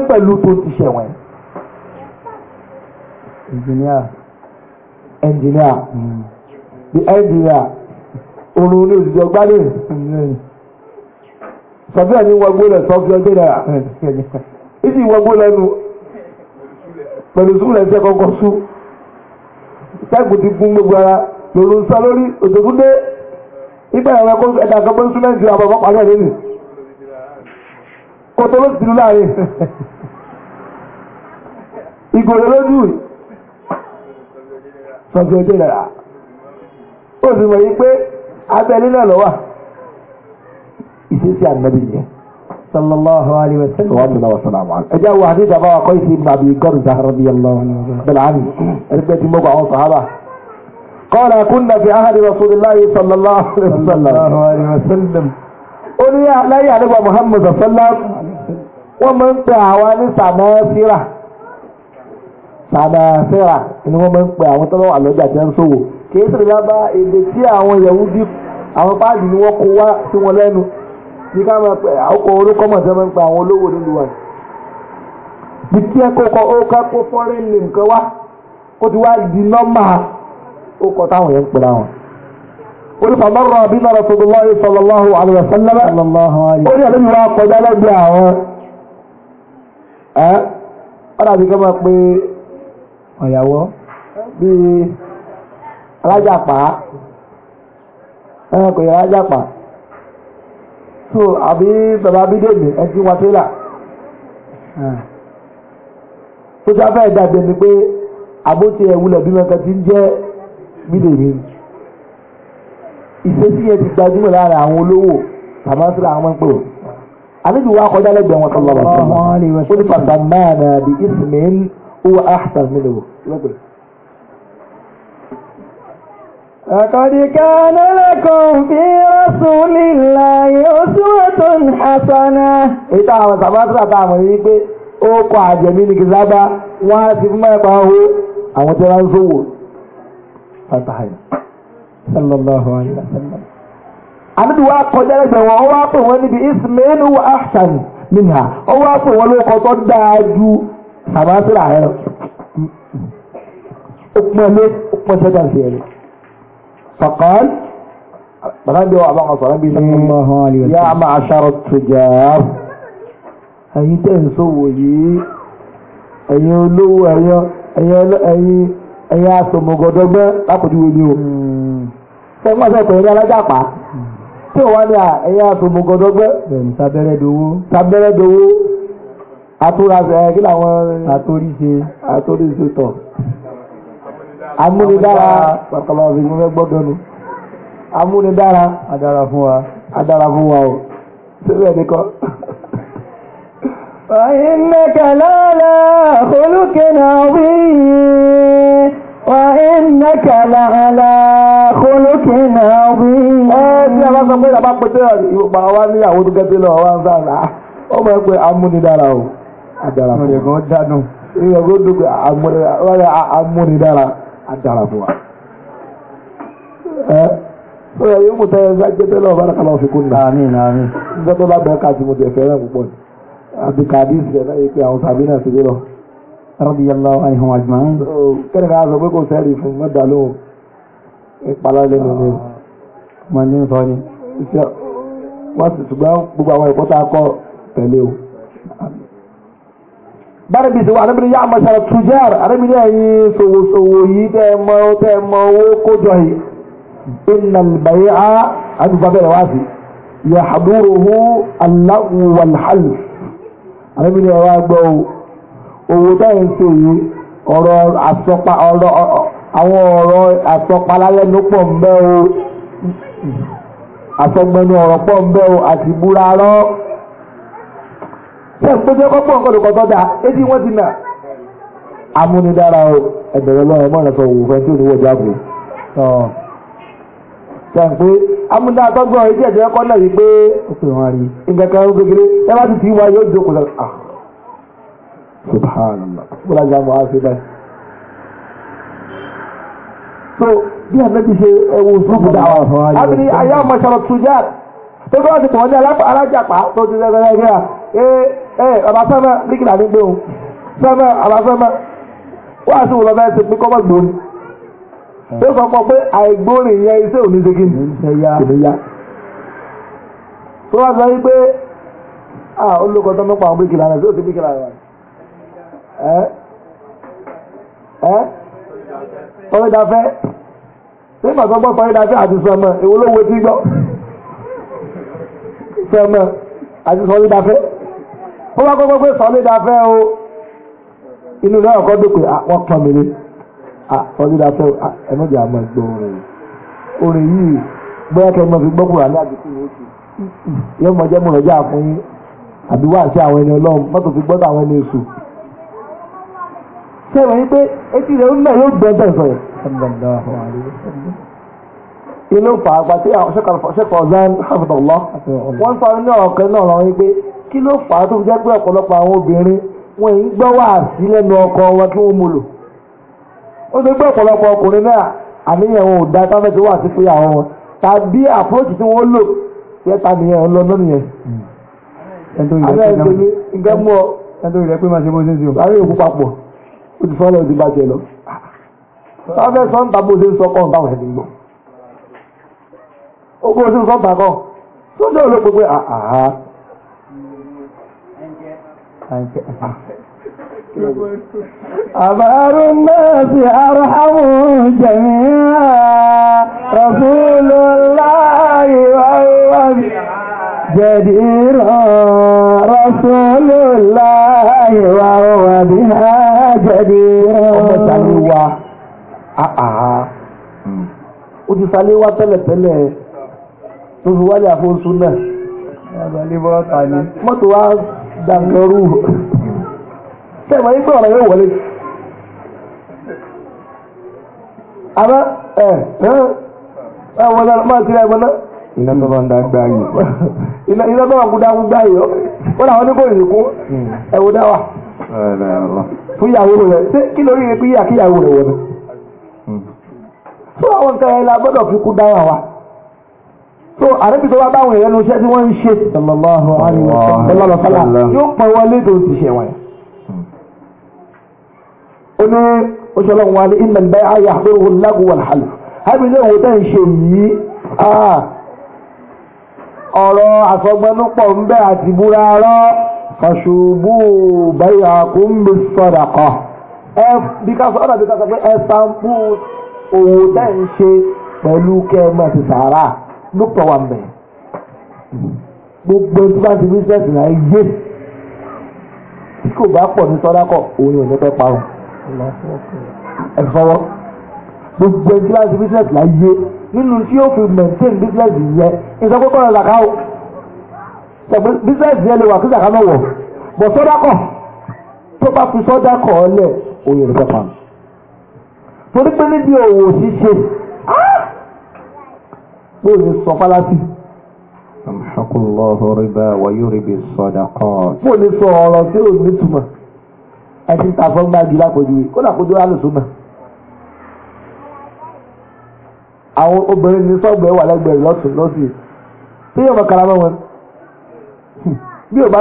bìnníyà engineer engineer hmm. the engineer òrùn ni òṣìṣẹ́ gbálẹ̀ hmm. tàbí àní wagbó lẹ̀ sọ́fíọ́ gbé náà ìdí wagbó lẹ́nu pẹ̀lú súnlẹ̀ ẹsẹ̀ kọ́kọ́ sú táìpù ti gún gbogbo ara lòlù sá lórí òtòkú dé ẹ̀ka àbọ̀bọ̀ pàdé ẹ̀dẹ́ nì ló láàrin ìgòrè lójú ó sì mọ̀ yí pé abẹ́ nílẹ̀ lọ́wọ́. ìṣesí ànábì yẹn sallallahu alayhi wa sallam wa nana wa salamu alayhi. ẹ jẹ́ àwọn àti ìjàmbá wa Qays ibn Abi Gamza radiyallahu bẹ̀rẹ̀ àmì ẹgbẹ́ tí mo gbà àwọn sàhábà. qala kunna fi ahadi rasulillahi sallallahu alayhi wa sallam. ó ní láyé àdébà Muhammad sallam wọ́n máa ń pè àwa ní sàmásíra sàmásíra ni wọ́n máa ń pè àwọn tó wà lọ́jà tí wọ́n ń ṣòwò kì í sì lábá èdè tí àwọn Yahudi àwọn ni wọ́n kó wá sí wọn lẹ́nu ní ká máa pẹ àwòkọ orúkọ mọ̀ sẹ́mọ́ ń pa àwọn olówó nínú wa bí kí ẹ kókọ ó ká kó foreign name kan wá ó ti wá di nọ́mbà ó kọ táwọn yẹn ń pè láwọn. olùkọ́ mọ́rọ̀ bí náà Rasulullahi sallallahu alaihi wasallam ó ní àlejò wa kọjá lẹ́gbẹ̀ẹ́ àwọn ẹ́ ọ̀dà bí ká máa pe ọ̀yàwó bíi alájàpá ẹ̀ kò yẹ alájàpá so àbí bàbá bídèmí ẹ ti ah. wá tẹ́lá tó sáfẹ́ ìdàgbẹ́ ni pé àbótí ẹ̀wùlẹ̀ bí mẹ́kan ti ń jẹ́ bídèmí ìṣesí yẹn ti gbajúmọ̀ lára àwọn olówó tàbátìrà àwọn pè ó àlejò wa kọjá lẹ́gbẹ̀ẹ́ wọn sọlọ́wọ́ sọlọ́wọ́ ó ní pàtàkì náà nà bí ismail ó wà áhùtà mílíọ̀ lọ́gbẹ̀ẹ́. لقد كان لكم في رسول الله أسوة حسنة إذا أما سبات رأى تعمل يقول ó kọ àjẹ̀mí ní kìsábà wọ́n á ti fún mẹ́pa owó àwọn tí wọ́n ń sówò fàtàhàì sallallahu alayhi wa sallam. àbídù wa kọjá lẹ́gbẹ̀ẹ́ wọn ó wá pè wọ́n níbi ismail wa ahsan minha ó wá pè wọ́n lóko tó dáa ju sàmásìlà rẹ̀ ó pọn lé ó pọn sẹ́jà sí ẹ̀rọ. فقال بنادي وأبغى صلى الله عليه وسلم يا معشر التجار أي تنسوي أي لو أي أي أي ẹ̀yà sọmọgọdọgbẹ lápòjúwe ni o ṣẹgbọn sọ tòun ní alájàpá tí ò wá ní ẹ̀yà sọmọgọdọgbẹ. bẹ́ẹ̀ni sábẹ́rẹ́ dowó. sábẹ́rẹ́ dowó atúrasẹ kí làwọn. àtòríṣe. àtòríṣe tọ amúnidára pàtàkì ọ̀sìn fẹ́ gbọ́dọ̀ nù amúnidára adára fún wa adára fún wa o síbẹ̀ ní kọ́. وإنك لعلى خلق عظيم وإنك لعلى خلق عظيم ẹ̀ẹ́dì aláṣọ pé ìjàmbá pété ìgbà wa níyàwó tó gẹ́gẹ́ lọ wá ń sáà ó mọ̀ pé amúnidára o àdàrà fún un. ìyẹ̀kọ́ dánú. ìyẹ̀kọ́ dùn pé amúnidára á dára fún wa. ẹ sọ̀rọ̀ yìí mo tẹ́lẹ̀ sá jẹ́tẹ́ lọ́wọ́ bára kálọ̀ fi kún ní. àmín àmín. nígbà tó bá bẹ̀rẹ̀ káàtì mo jẹ fẹ́rẹ̀ púpọ̀ ni àti kàdí ìṣẹ̀ náà yìí pé àwọn tàbí náà ti dé lọ. radiyallahu anhum ajma'in. kẹ́ni ká sọ pé kò sẹ́ẹ̀rì fún mẹ́ta lóhùn ìpalá lẹ́nu ni. mo ní sọ ni. wọ́n ti ṣùgbọ́n gbogbo àwọn ìkọ́ta kọ́ tẹ̀lé o bárẹ̀bì tí wà níbi ní yàmà ṣàrà tujar àrẹ́bì ní ẹ̀yìn ṣòwòṣòwò yìí tẹ́ mọ tẹ́ mọ owó kójọ yìí iná ìbàyẹ̀ á àdùfà bẹ̀rẹ̀ wá sí yà àdúrò hu aláwù wàlhálì àrẹ́bì ní ẹ̀wà gbọ́ owó táyà ń ṣe yìí ọ̀rọ̀ àsọpa ọ̀rọ̀ àwọn ọ̀rọ̀ àsọpa lálẹ́ ló pọ̀ ń bẹ́ o àsọgbẹ́nu ọ̀rọ̀ pọ̀ ń bẹ́ o àti búra rọ́ ṣe ń péjọ kọ́ pọ̀ nǹkan tó da ebi wọ́n amúnidára o ẹgbẹ̀rún ọlọ́run mọ̀ràn sọ òwò fẹ́ tí ò ní wọ́n jáde. ṣe ń pé amúnidá tọ́gbọ́n ojú ẹ̀jẹ̀ kọ́ náà yìí pé òpin wọn rí nǹkan kan kékeré ẹ bá ti tì í yóò jókòó lọ. Ah. subhanallah bọ́lá jàmbá wá sí báyìí so bí anabi ṣe ẹwọ sùkú dá wa abiri ayé ọmọ sọ̀rọ̀ tujar tó bá ti pọ̀ ní alájàpá tó ti rẹ̀ rẹ̀ eh, ẹ bàbá sẹ́mẹ̀ bíkìlà ní gbé o sẹ́mẹ̀ bàbá sẹ́mẹ̀ wọ́n àti wọ́n bẹ́ẹ̀ ti pín kọ́mọ̀ gbòòrì ó sọ pọ̀ pé àìgbóòrì yẹn iṣẹ́ òní ṣe kí ni ya tó wá sọ yí pé à olùkọ́ tó mẹ́pàá àwọn bíkìlà rẹ̀ sí òsì bíkìlà rẹ̀ ẹ́ ẹ́ tọ́lẹ́dàfẹ́ nígbà tó gbọ́ tọ́lẹ́dàfẹ́ àti sọmọ ìwọlówó tí gbọ́ sọmọ àti tọ́lẹ́dàfẹ́ ó wá kọ́kọ́ pé sọ̀mídàfẹ́ o inú náà kọ́ dókè wọ́n pọ̀ ah, mí ní sọ̀mídàfẹ́ ẹ̀mọ́jà máa gbọ́ orin orin yìí bóyá kẹ́ mọ́ fi gbọ́kùn àní àdìsí yìí yóò mọ̀ jẹ́ mọ̀rọ̀ jẹ́ àfún yín àbí wá sí àwọn ẹni ọlọ́run mọ́tò fi gbọ́dọ̀ àwọn ẹni èṣù. ṣé ìwọ̀n yín pé etí rẹ̀ ń náà yóò gbọ́ bẹ́ẹ̀ sọ̀rọ̀. inú fàá gba tí àwọn ṣẹ́kọ̀ọ́ zan hafidọ̀lọ́ wọ́n sọ ní ọ̀kẹ́ náà lọ́wọ́ yín pé kí ló fà á tó fi jẹ́ pé ọ̀pọ̀lọpọ̀ àwọn obìnrin wọn èyí gbọ́ wà sí lẹ́nu ọkọ wọn kí wọ́n mú lò ó ṣe pé ọ̀pọ̀lọpọ̀ ọkùnrin náà àníyàn wọn ò da tábẹ́tì wà sí pé àwọn wọn tàbí àpòròjì tí wọ́n lò yẹta nìyẹn ń lọ lónìyẹn. àbẹ́ ìṣèlú nǹkan mú ọ. ẹ̀ńtọ́ ìrẹ́ pé máa ṣe bó ṣe ń ṣe o. pé àhàhà أبار الناس أرحم جميعا رسول الله والذي جدير رسول الله وهو بها جدير ó ti sálé wá tẹ́lẹ̀tẹ́lẹ̀ tó fi wálé àfóńsú náà mọ́tò wá dàkẹrù tẹ̀wọ̀n yìí pé ọ̀rọ̀ yóò wọlé àmọ́ ẹ̀ ẹ̀ wọ́n náà máa tẹ̀lé ẹ̀wọ̀n náà. iná ina bá ń dá gbá yìí. iná iná tó bá ń dá gbá yìí ọ́ wọ́n làwọn oníkó ìrìnkú ẹ̀wọ̀n dá wà. fún ìyàwó rẹ̀ ṣé kí lórí rẹ̀ pé ìyàkíyàwó rẹ̀ wọ̀ ni. fún àwọn nǹkan ẹ̀ la gbọ́dọ̀ fi kú dára wa so àrẹ́bí tó bá bá àwọn èèyàn ní iṣẹ́ tí wọ́n ń ṣe sallallahu alaihi wasallam yóò pọ̀ wọlé tó ti ṣe wọ̀nyẹn. ó ní oṣù ọlọ́run wa ní inna al-bay'a yahduruhu al-lagwu wal-half ní òun ń ṣe yìí ọ̀rọ̀ àsọgbọnúpọ̀ ń bẹ àti búra rọ́ fàṣubú bay'akum bis-sadaqah ẹ bí ká sọ ọ́nà bí ká sọ pé ẹ sàǹpù òun ń ṣe pẹ̀lú kẹ́ẹ̀mọ́ ti sàárà lópa wà mbẹ gbogbo tí wọn ti bísíǹsì náà yé tí kò bá pọ̀ ní sọ́dákọ̀ òun ni òní fẹ́ parun ẹ̀fọ́wọ́ gbogbo tí wọn ti bísíǹsì náà yé nínú tí yóò fi maintain bísíǹsì yẹ ìsọkókó rẹ̀ làkà ó bísíǹsì yẹ lè wà kí sàkà mọ̀wọ̀ bọ̀ sọ́dákọ̀ tó bá fi sọ́dákọ̀ ọ lẹ̀ òun ni òní fẹ́ parun torí pé níbi òwò ṣíṣe pé òun sọ pálátì. Amṣakunlọ́hu rìbá wà yóò rí bí sọ́dà kan. Mo ní sọ ọ̀rọ̀ tí ò ní túmọ̀. Ẹ ti ń ta fún gbági lápòjúwe, kó dà kojú alùsùn náà. Àwọn obìnrin ní sọ́gbẹ̀ẹ́ wà lẹ́gbẹ̀ẹ́ lọ́sùn lọ́sùn. Bí yóò mọ karamọ́ wọn? Bí ò bá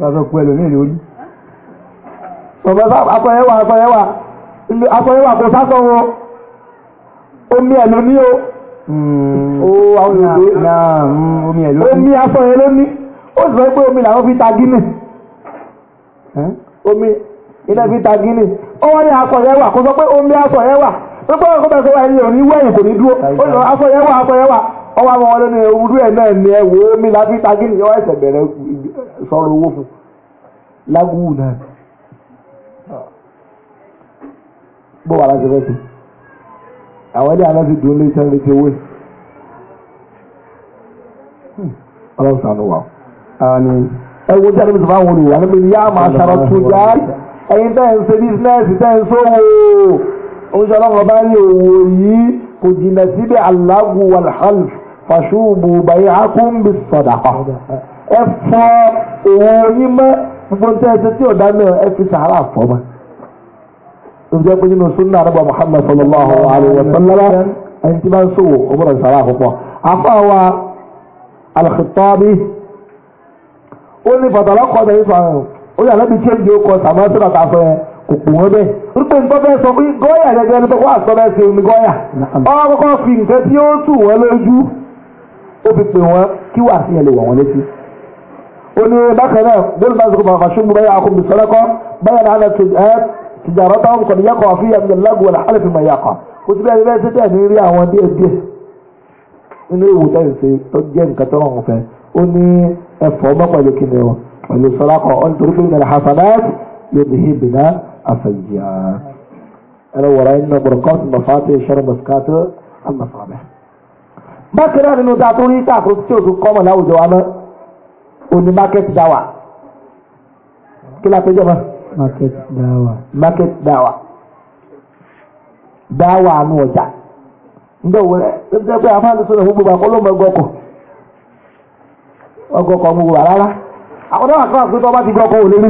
lọ́sọ̀ pẹ̀lú ní ìlórí ọ̀bẹ́ akọ̀yẹ́wà akọ̀yẹ́wà akọ̀yẹ́wà kò sásọ̀ wọn omi ẹ̀ ló o hmm. hmm, omi ẹ̀ ló omi ó sì fẹ́ pé omi làwọn fi ta gíní omi iná fi ta sọ pé omi asọ̀yẹ́wà pípọ́ ọ̀rọ̀ sọ́wọ́ ẹni òní wẹ̀yìn kò ní dúró ó ọwọ́ àwọn ọlọ́ni ewúrú ẹ̀ náà ni ẹ̀wọ̀ omi làwọn fi ta ẹ̀sẹ̀ bẹ̀rẹ̀ sọ̀rọ̀ owó fún lágùwù náà bó wà láti rẹ́sì àwọn ilé aláfi dùn ní ìtàn létí owó hmm. ọlọ́run sànù wà ẹ wo jáde bísí fáwọn olùwà níbi ní yá máa ṣàrọ̀ tó já ẹ̀yin tẹ́ ń ṣe bísínẹ́sì tẹ́ ń sówó oúnjẹ ọlọ́run bá ní òwò yìí kò jìnnà síbi aláàgùn wàlhálf fàṣùbù bàyí akúńbì sọ̀dà. ẹ fọ òun yín mọ́ gbogbo ní ẹsẹ̀ tí ò dáná ẹ fi sàárà fọ́ ma. ǹjẹ́ pé nínú sunna arábà Muhammad sallallahu alayhi wa ń sòwò sàárà àkọ́kọ́ al ó ní pàtàkì kọ́ ọ̀dọ̀ yìí sọ̀rọ̀ ó yà lẹ́bi tí ó ń di sí ọ̀tà fún ẹ kò pò wọ́n bẹ́ẹ̀. Rúpẹ́ nǹkan sọ gọ́yà gẹ́gẹ́ ní tọ́kọ́ gọ́yà. kọ́kọ́ fi nǹkan tí ó قل مثلا دول مزغوا مغشوم بيعكم بالصدقه بين على التجهات تجارتهم قد يقع فيها من اللجوء والحلف ما يقع قلت بقى بقى ستة نيري àwọn díẹ̀ díẹ̀ nínú ewu tá ìṣe tó jẹ́ nǹkan tó rọrùn fẹ́ ó ní ẹ̀fọ́ mọ́ pẹ̀lú kí ni wọn pẹ̀lú sọ́lákọ̀ ọ́n torí pé ìrìnà hasanat yóò bí hebe náà àfẹ̀yà ẹ̀rọ wọ̀rọ̀ iná burúkọ́ tó mọ̀fà tó ìṣọ́rọ̀ mọ̀síkátó àmọ̀fà bẹ́ẹ̀. bákan náà nínú ta tó rí káàkiri tí òtún kọ́mọ̀ láwùjọ wa náà òní market dawa kila la jọba. market dawa. market dawa dawa àánú ọjà ndé wẹrẹ ẹgbẹ́ pé afáàlú sọ̀rọ̀ fún gbogbo akọ́lọ́mọ ẹgbọ́kọ̀ ọgọ́kọ̀ ọmọ gbogbo rárá ti òní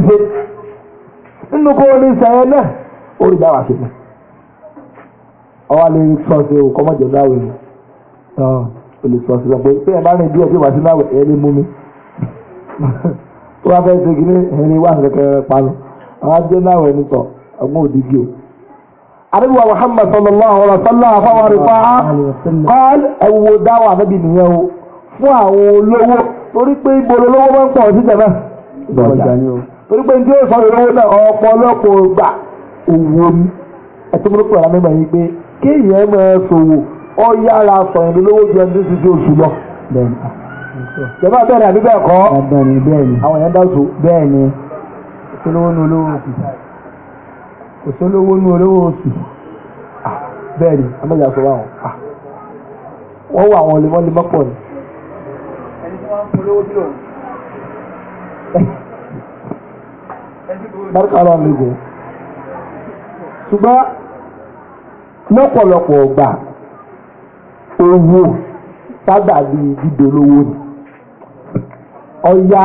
ṣe náà ó rí ṣe ọwọ́ sọ pé pé bá rìn sí tó bá fẹ́ ṣe kílé ẹni wà kẹkẹrẹ panu àwọn ajé náà o. Ànábì Muhammad sallallahu alaihi wa sallam afáwọn rìpa dáwọ̀ nìyẹn o fún àwọn olówó torí pé ibo olówó máa ń pọ̀ sí torí pé njẹ́ ìfọ̀rọ̀ olówó náà ọ̀pọ̀lọpọ̀ gbà mi pé kéèyàn máa yára sọ̀yìn lówó ju ẹni tó jọba bẹ́ẹ̀ ni àbí bẹ́ẹ̀ kọ́ àwọn èèyàn dáwùtò bẹ́ẹ̀ ni òṣòlówó nu olówó oṣù òṣòlówó nu olówó oṣù bẹ́ẹ̀ ni amẹ́jà sọ wà wọ́n wọ́n wà wọn lè mọ́pọ̀ ni. ẹni tí wọ́n ń polówó bí òun. mi gùn. ṣùgbọ́n lọ́pọ̀lọpọ̀ ọgbà owó sábà bíi dídolówó ni. ọ̀yá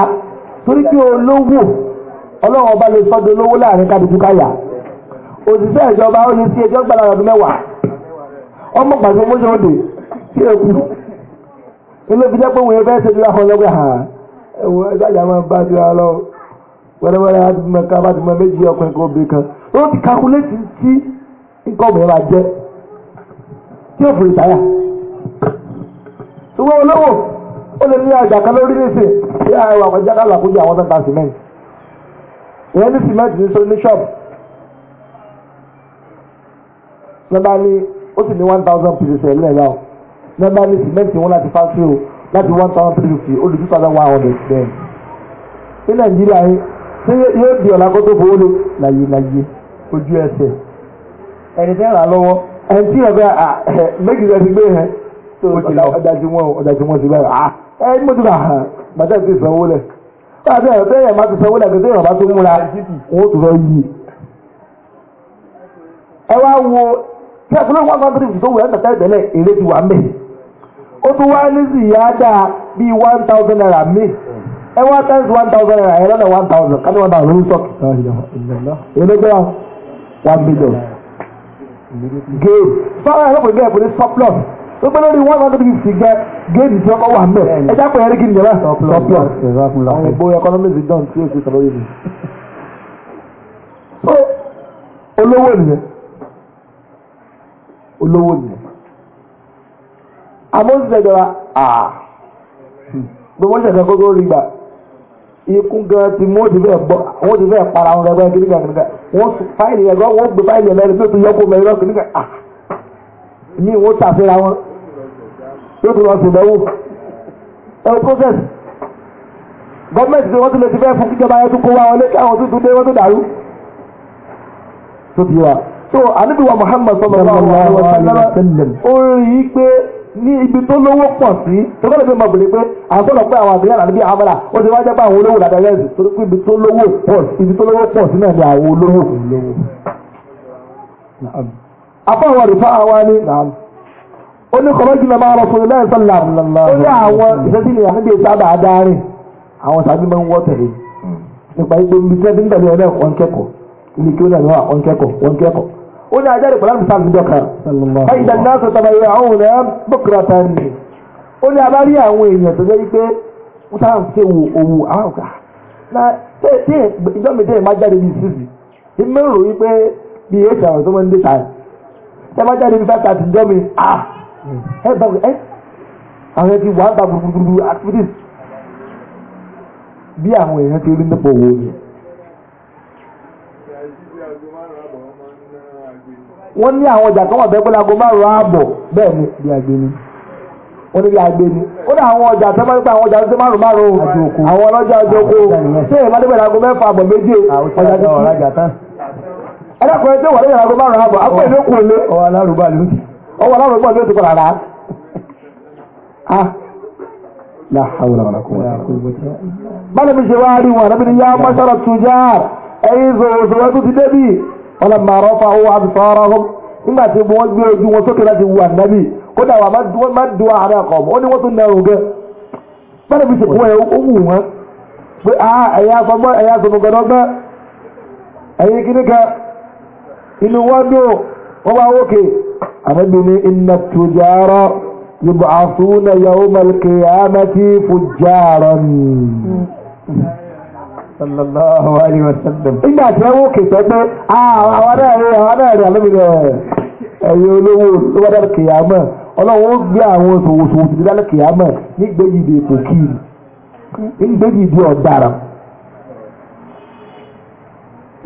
torí pé olówó ọlọ́run ọba lè sọ́dọ̀ olówó láàrin kádùkú káyà òṣìṣẹ́ ìjọba ó ní sí ẹjọ́ gbàlá ọdún mẹ́wàá ọmọ pàṣẹ mọ́ṣọ́ òde sí èkú ilé fi jẹ́ pé wòye fẹ́ ṣe àwọn ọlọ́gbẹ́ hàn ẹ̀wọ̀n máa bá lọ wẹ́rẹ́wẹ́rẹ́ bá ti mọ méjì ọkùnrin kan obìnrin kan ó ti ó lè ní àjà kan lórí ní sìn tí àwọn àwọn ìjà kálà kó jẹ àwọn tẹ́ta cement ìyẹn ní cement ní sọ ní shop nọ́mbà ní ó sì ní one thousand pieces ẹ̀ lẹ́yìn náà nọ́mbà ní cement wọn láti fásitì o láti one thousand three fifty ó lè two thousand one hundred bẹ́ẹ̀ ní nàìjíríà yìí tí yóò di ọ̀la kó tó fowó lé láyé láyé ojú ẹsẹ̀ ẹni tẹ́ ra lọ́wọ́ ẹni tí ọ̀gá méjì rẹ̀ ti gbé yẹn ọ̀dájú wọn ọ̀dájú wọn ti báyìí ah ẹ mo ti bá hàn màtá ti sanwó lẹ̀ báyìí bẹ́ẹ̀ bẹ́ẹ̀ má ti sanwó lẹ̀ kẹ́tẹ́ ìrànbá tó múra wọn ó tún lọ yí. ẹ wá wo tí a fúnlẹ̀ wọn kọ́ńtírì tó wù ẹ́ tẹ̀tẹ̀ ìtẹ́lẹ̀ èrè ti wà mẹ́ ó tún wá ní sì yá dá bíi one thousand naira mi ẹ wá times one thousand naira ẹ lọ́nà one thousand ká ní one thousand lórí sọ́ọ̀kì. èlé jẹ́ one million. gate fáwọn ẹ̀rọ kò ní ẹ̀kọ́ ní surplus gbogbo lórí one hundred fifty gẹ géèdì tí ọkọ wà mẹ ẹjẹ àpò yẹn rí kí n yẹra surplus àwọn ìbò economic don tí o ti sọ lórí mi. so olówó nìyẹn olówó nìyẹn àmọ́ ń ṣẹ̀jọba gbogbo ṣẹ̀ṣẹ̀ kó tó rí gbà ikú gan ti mú òdì bẹ́ẹ̀ bọ́ àwọn òdì bẹ́ẹ̀ para àwọn ẹgbẹ́ kìnìkan kìnìkan wọ́n fáìlì ẹ̀gọ́ wọ́n gbé fáìlì ẹ̀lẹ́rìí tó ti yọ kó mẹ́rin lọ́kìnìkan mi wọ́n tàfẹ́ra wọn. yóò tó lọ sí ìnáwó ẹ̀rọ process gọ́ọ̀mẹ̀ntì tí wọ́n tún lè ti fẹ́ fún kíjọba yẹn tún so wa Muhammad sallallahu wa rí pé ní ibi tó lówó pọ̀ sí tó kọ́ fi mọ̀ bìlẹ̀ pé àgbọ̀dọ̀ pé àwọn àgbẹ̀yàn àmàlà ó ti wá jẹ́ àwọn olówó sí ibi tó lówó pọ̀ sí ibi tó ó ní kọ́mọ́tì náà máa ilé ẹ̀sán ó ní àwọn ìṣẹ́sí ni àníbi ìsábà adárin àwọn sàbí máa ń wọ́ tẹ̀lé nípa ìgbé ibi tí wọ́n tẹ̀lé ọ̀rẹ́ wọn kẹ́kọ̀ọ́ ibi tí ó náà wà wọn kẹ́kọ̀ọ́ wọn kẹ́kọ̀ọ́ ó ní ajá ìpàdánù sáà ìwé àwọn òun tán ni ó ní abárí àwọn èèyàn tó jẹ́ wọ́n sáà ń òwò na ìjọ́ mi má àwọn ẹbí wà gba gbogbogbò activities bí àwọn èèyàn ti rí nípa owó ni. wọ́n ní àwọn ọjà kan wà bẹ́ẹ̀ pẹ́lú aago márùn-ún ààbọ̀ bẹ́ẹ̀ ni bí agbe ni wọ́n ní bí agbe ni ó ní àwọn ọjà tó máa àwọn ọjà tó márùn márùn àwọn ọlọ́jà ọjọ́ kó ṣé èèyàn dé pẹ̀lú aago mẹ́fà àbọ̀ ọjà tó Ọ aláwọ̀ ẹ̀gbọ́n ló ti padà rà á. a hawla wala Ha! Báwo ni ṣe wá ha wọn? Àdàbí ni yá mọ́ṣára tujá ẹ̀yin zòwòzòwò tó ti débì. Wọ́n lọ màrọ́ fa owó àbùsọ̀rọ̀ hàn. Nígbà tí wọ́n gbé ha wọn sókè láti wù ànábì. Kódà wà má dùn àárẹ̀ kọ̀. Ó wọ́n ah, dùn. Wọ́n wá wókè. ànábì ní iná tùjárọ̀ yub'athuna yawmal qiyamati fujjaran sallallahu alayhi wa sallam. nígbà tí wọ́n wókè sọ pé ah, àwọn náà rí àwọn náà rí àlọ́ mi rẹ̀ ẹ̀yìn olówó ló wá dára kìyàmọ̀ ọlọ́run ó gbé àwọn òṣòwòṣòwò ti dára kìyàmọ̀ nígbèjìdè ètò kìí nígbèjìdè ọ̀daràn.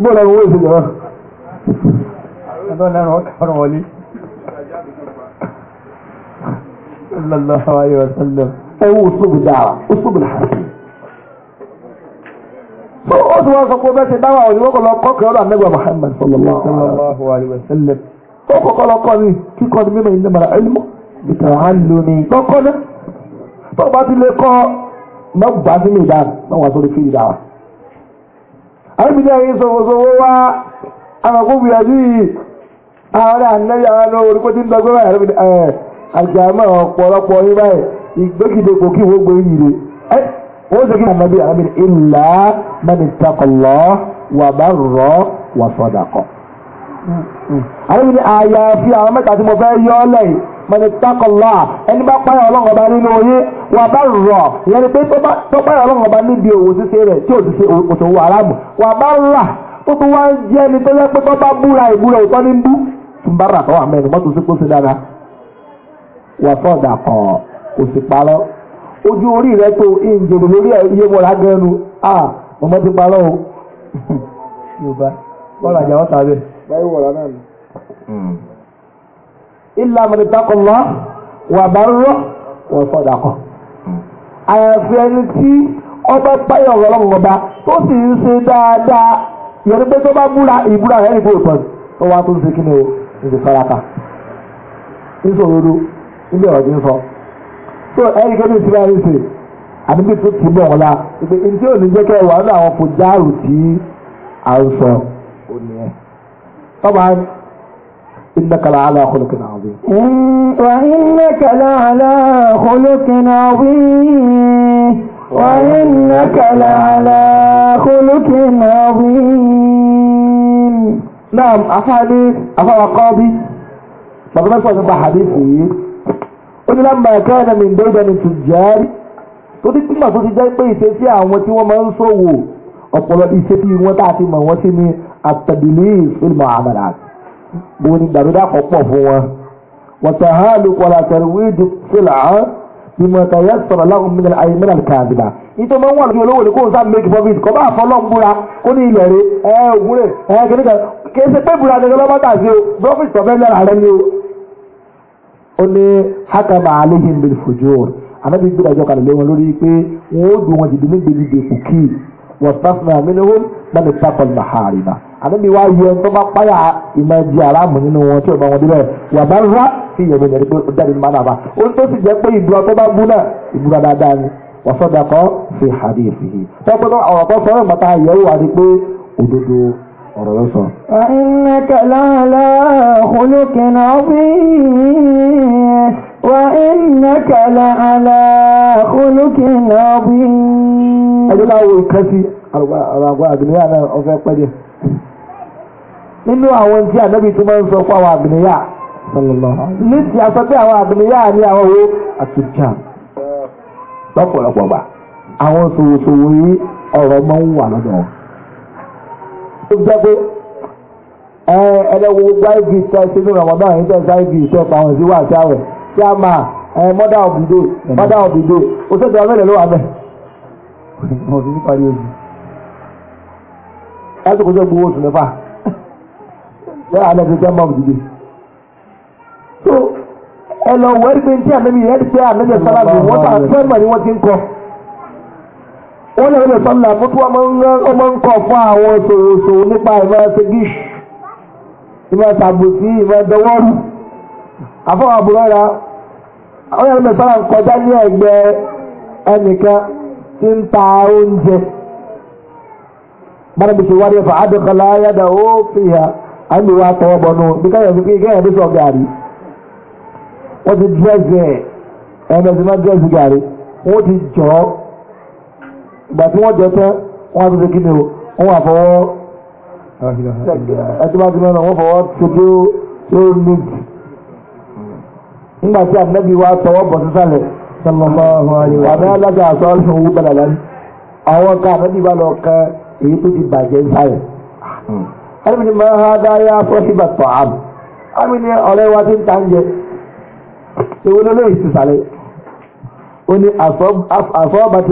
bó lọ́run ó ìṣèjọba. ọlọ́run ọ̀kà ọ̀rọ̀ wọlé. sallallahu alayhi wa sallam ẹ wo uslubu dára uslubu hasan. so ó sì wá sọ pé bẹ́ẹ̀ ṣe dáwà òní wọ́n kọ́ lọ kọ́kọ́ ọ̀rọ̀ anagba Muhammad sallallahu alayhi wa sallam ó kọ́kọ́ lọ kọ́ ni kíkọ́ ni mímọ̀ ìdí mara ẹlmọ́ ìtàn á lò ní lọ́kọ́ náà tó bá ti lè kọ́ mọ́gbà sínú ìdáhùn náà wà sórí fíìdì dára. àrùbíjẹ́ yìí sọ̀wọ́sọ̀wọ́ wá àwọn akóbìyàjú yìí àwọn àlẹ́ àlẹ́ yàrá lọ orí kó ti ń dọgbẹ́ báyìí àjàmọ́ ọ̀pọ̀lọpọ̀ yín báyìí ìgbékìdè kò kí wọ́n gbé yìí rè é wọ́n ṣe kí wọ́n mọ̀bí àmì ìlà mẹ́ni takọ̀lọ́ wà bá rọ̀ wà sọ̀dàkọ̀. àwọn ìní àyàfi àwọn mẹ́ta tí mo fẹ́ yọ ọ́ lẹ́yìn mẹ́ni takọ̀lọ́ ẹni bá páyà ọlọ́run ọba nínú yín wà bá rọ̀ ìyẹn ni pé tó páyà ọlọ́run ọba níbi òwò ṣíṣe rẹ̀ tí òṣòwò aráàmù wà bá rà ó tún ń jẹ́ ẹni tó yẹ pé tó bá búra ìbúra ìtọ́ ní bú tún bá rà kọ́ mọ́tò sí kó dára wàsọ̀dà kọ̀ kò sì parọ́ ojú orí rẹ tó ìjèrè lórí iye mọ̀ra gẹnu à mọ̀mọ́ ti parọ́ o yorùbá bọ́ọ̀lù àjà wọ́n tàbí. báyìí wọ̀rọ̀ náà ni. ilà mọ̀lẹ́tàkọ̀lá wà bá rọ́ wàsọ̀dà kọ̀ àyàfi ẹni tí ọba báyọ̀ ọlọ́run ọba tó sì ń ṣe dáadáa yẹn pé tó bá múra ìbúra rẹ̀ ìbò ìtọ́jú ó wá tó ń ṣe kí ni o ìdí faraka ìṣòro níbi ọ̀rọ̀ tí ń sọ so ẹ̀rí kẹ́ni ti bá rí sí àbí bí tó ti bọ̀ wọn la ìpè ntí ò ní jẹ́ kẹ́ wà nínú àwọn fòjáàrù tí à ń sọ òní ẹ̀ tọ́ba إنك لعلى خلق عظيم وإنك لعلى خلق عظيم وإنك لعلى خلق عظيم نعم أحاديث أفا قاضي فقد نسأل حديث ó ní lámbà káàdà mi ìdọ́gba ni tùjárì tó ní túmọ̀ tó ti jẹ́ pé ìṣesí àwọn tí wọ́n máa ń ṣòwò ọ̀pọ̀lọ ìṣesí wọn tá a ti mọ̀ wọ́n sí ni àtàbílí ìfìlmọ̀ àmàlà bó ni dàrúdà kọ̀ pọ̀ fún wọn. wàtàhálù kọ̀lá tẹ̀wéèdì fìlà án ni mo ta yẹ sọ̀rọ̀ láwọn mílíọ̀nù ayé mílíọ̀nù kàdìbà. ìtọ́ máa ń wà lórí olówó ni kò ń sá make profit kọ́ bá fọ́ lọ́ngbúra kó ní ilẹ̀ rẹ̀ ẹ̀ òwúrẹ̀ ẹ̀ kìnnìkan kì í ṣe pé bùrọ̀ àdéhùn lọ́mọ́tà sí o profit tọ́fẹ́ lẹ́ra rẹ̀ ni o ó ní hákàmà aléhìn bíi fòjúwò anábì gbé ìdájọ́ kalẹ̀ lé wọn lórí pé wọ́n ó dùn wọn jìbìlì gbèlè dèkù kí wọ́n sáfìnà mínú bẹ́ẹ̀ ni sáfọ̀ màhàrìbà anábì wá yẹ tó bá páyà ìmọ̀ ẹ̀jì aláàmù nínú wọn tí ò bá wọn débẹ̀ wà bá rà sí ìyẹ̀wò ìyẹ̀rì pé ó jáde nìmọ̀ nàbà ó tó sì jẹ́ pé ìdúrà tó bá bú náà ìbúra dáadáa ni wọ́n sọ́dà kọ́ fi hàdí ìfìhì tọ́pẹ́ ọ̀rọ̀ tó sọ ọ̀rọ̀ ló sọ. وإنك لعلى خلق عظيم وإنك لعلى خلق عظيم. a náà wo ìkan sí àgbà àgbìnrin náà ọ̀fẹ́ pẹ́jẹ́. nínú àwọn tí ànábì tó sọ fún àwọn àgbìnrin yà ní ti àsọ pé àwọn àgbìnrin yà ní àwọn owó tó jẹ́ pé ẹlẹ́wọ̀ gbogbo iv tẹ́ sínú ramadan yìí tẹ́ iv tẹ́ pàwọn ìsíwà àti àwẹ̀ tí a máa mother of the day mother o tó tẹ̀wọ́ mẹ́lẹ̀ ló wà bẹ́ẹ̀. mo ti ní parí ojú láti kó tó gbowó oṣù mẹ́fà lẹ́yìn alẹ́ tó tẹ́ mọ́ of the ẹ̀rí pé ní tí àmì yẹn ti pé àmì yẹn sábà bí wọ́n tà sẹ́mọ̀ wọ́n ti ń kọ́. wọ́n lè rẹ̀ sọ́nà fún tí wọ́n ń kọ̀ fún àwọn ṣòwòṣò nípa ìmọ̀ ẹsẹ̀ ìmọ̀ ṣàbòsí ìmọ̀ ẹdọwọ́rù àfọwọ́ àbúrọ́ra wọ́n lè rẹ̀ sọ́nà kọjá ní ẹ̀gbẹ́ ẹnìkan tí ń ta oúnjẹ bára bí ṣe wáyé fà ádùkọlá yàdà ó fi hà á ń bí káyọ̀ sọ ìgbà tí wọ́n jẹ tẹ́ wọ́n á tún ṣe kí ni o wọ́n wà fọwọ́ ẹtí bá ti mẹ́rin wọ́n fọwọ́ tóbi ó ó ní nígbà tí ànábì wa tọwọ́ bọ̀ sísàlẹ̀ àmì alága àṣọ wa ni máa ha dá yá fọ́sí bàtọ̀ àmì àmì ni ọ̀rẹ́ wa ti ń ta ń jẹ ìwé lọ́lẹ́ ìsìsàlẹ̀ ó ní àfọ́ bá ti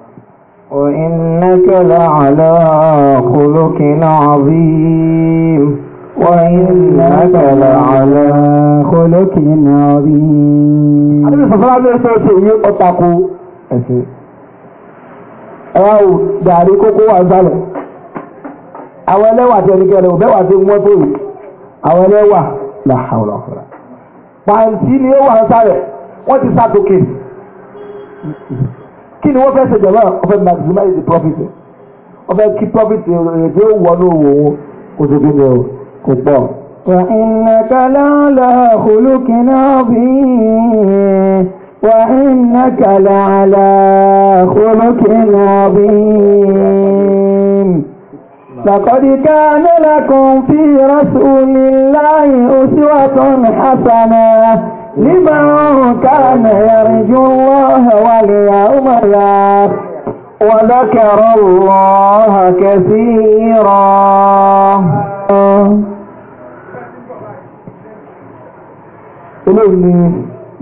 وإنك لعلى خلق عظيم وإنك لعلى خلق عظيم Adébí sọ̀sọ́lá ní ẹsẹ̀ ṣe èyí ọ̀tàkù ẹ̀sẹ̀. Ẹ̀wá ò dàrí kókó wà sálẹ̀. Àwọn ẹlẹ́wà tí ẹni kẹrẹ òbẹ́wà tí wọ́n tó yìí. Àwọn ẹlẹ́wà làhàwùlà fúnra. Pàǹtí ni ó wà sálẹ̀. Wọ́n ti sàtòkè kí ni wọ́n fẹ́ ṣe jọba ọ̀fẹ́ maximize the profit ọ̀fẹ́ kí profit rẹ̀ wọnú òwò kò tó gbé ní o kò pọ̀. وإنك لعلى خلق عظيم وإنك لعلى خلق عظيم لقد كان لكم في رسول الله أسوة حسنة لمن كان يرجو الله واليوم الآخر وذكر الله كثيرا eléyìí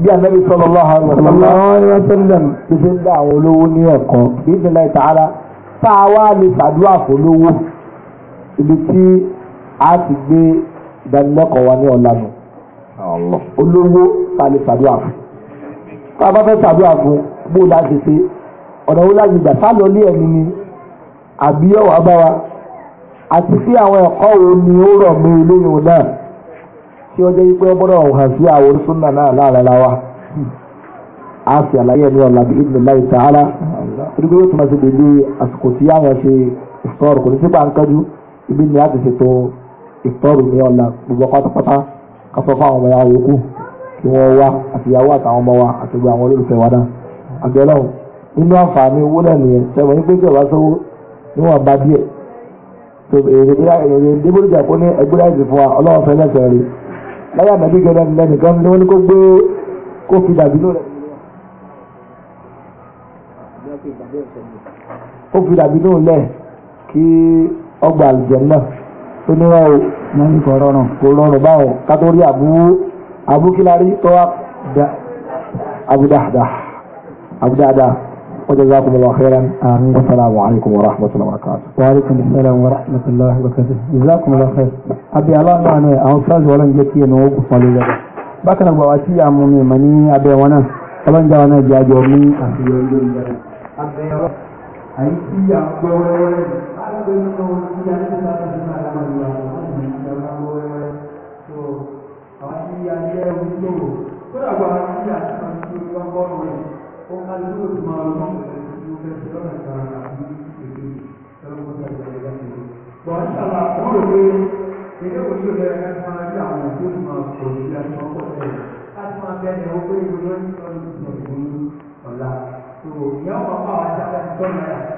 bí ànábì sallallahu alaihi wasallam ti fi ń dá àwọn olówó ní ẹ̀kọ́ bí ìpínlẹ̀ ìtàhálà tá a wá lè ṣàdúrà fólówó ibi tí a ti gbé ìdánilẹ́kọ̀ọ́ wa ní ọ̀lànà olówó ta lè ṣàdúrà fún tá a bá fẹ́ ṣàdúrà fún bó la ṣe ṣe ọ̀nà wo láti gbà sálọ ní ẹ̀mí ni àbí ọ̀wá bá wa àti pé àwọn ẹ̀kọ́ wo ni ó rọ̀ mí olóyún náà tí ó jẹ́ wípé ó gbọ́dọ̀ hàn sí àwọn orísúnà náà láàrin ara a sì àlàyé ẹni ọ̀la bí ibùdó láì sàárà onígbé yóò túmọ̀ sí gbèdé àsìkò tí àwọn ṣe ìfọ̀rọ̀ ní sípà ń kájú ibi ni a ti ṣètò ìfọ̀rọ̀ ní ọ̀la gbogbo pátápátá wọ́n sọ fún àwọn ọmọ ìyá yòókù kí wọ́n wá àtìyàwó àtàwọn ọmọ wa àtògbò àwọn olólùfẹ́ wa dá àgbẹ̀lọ́hùn nínú àǹfààní owó náà nìyẹn sẹ́wọ̀n ní pé tí ọba sówó níwọ̀n bá díẹ̀ tó èrè bí èrè débòlùjà kó ní ẹgbẹ́ láìsí fún wa ọlọ́run fẹ́ lẹ́sẹ̀ rí láyà nàbí gẹ́gẹ́ lẹ́nìkan ni wọ́n ní kó gbé kó fi dàbí ló rẹ̀ ó fi dàbí ló lẹ̀ kí ọgbà àlùjẹ náà ó ní wá o mo ní kò rọrùn kò rọrùn báwọn kátó rí àbúkílárí tó wá àbúdáàdá àbúdáàdá وجزاكم الله خيرا آمين والسلام عليكم ورحمة الله وبركاته وعليكم السلام ورحمة الله وبركاته جزاكم الله خير أبي الله معنا أو فاز ولا نجتي نوقف ولا لا بكنا بواتي أمومي مني أبي وانا طبعا جانا جاجومي أبي الله أي شيء أبي nínú tí a ti sáré nínú àwọn ìwà àwọn ìrìnàjò ọmọ ẹ̀rọ tó àwọn tí a jẹ́ oníṣòwò tó dàgbà àwọn tí a ti máa ń fi ọgọ́rùn-ún rẹ̀ ó ká lóò tó máa lọ́wọ́ ìlú fẹ́ẹ́ lọ́nà kan àti èdè ẹlọ́gbọ́n tó àgbà ẹ̀dá tó lọ. bọ̀ ń ṣàlà wọ́n rò pé èdè òní ò lẹ́yìn ká máa rí àwọn tó ti máa pọ̀ sí àti ọkọ̀ tẹ̀ láti máa bẹ́ẹ̀ ó pé ìlú lọ́nà ìlú ọ̀la tó ìyá ọ̀pá àwọn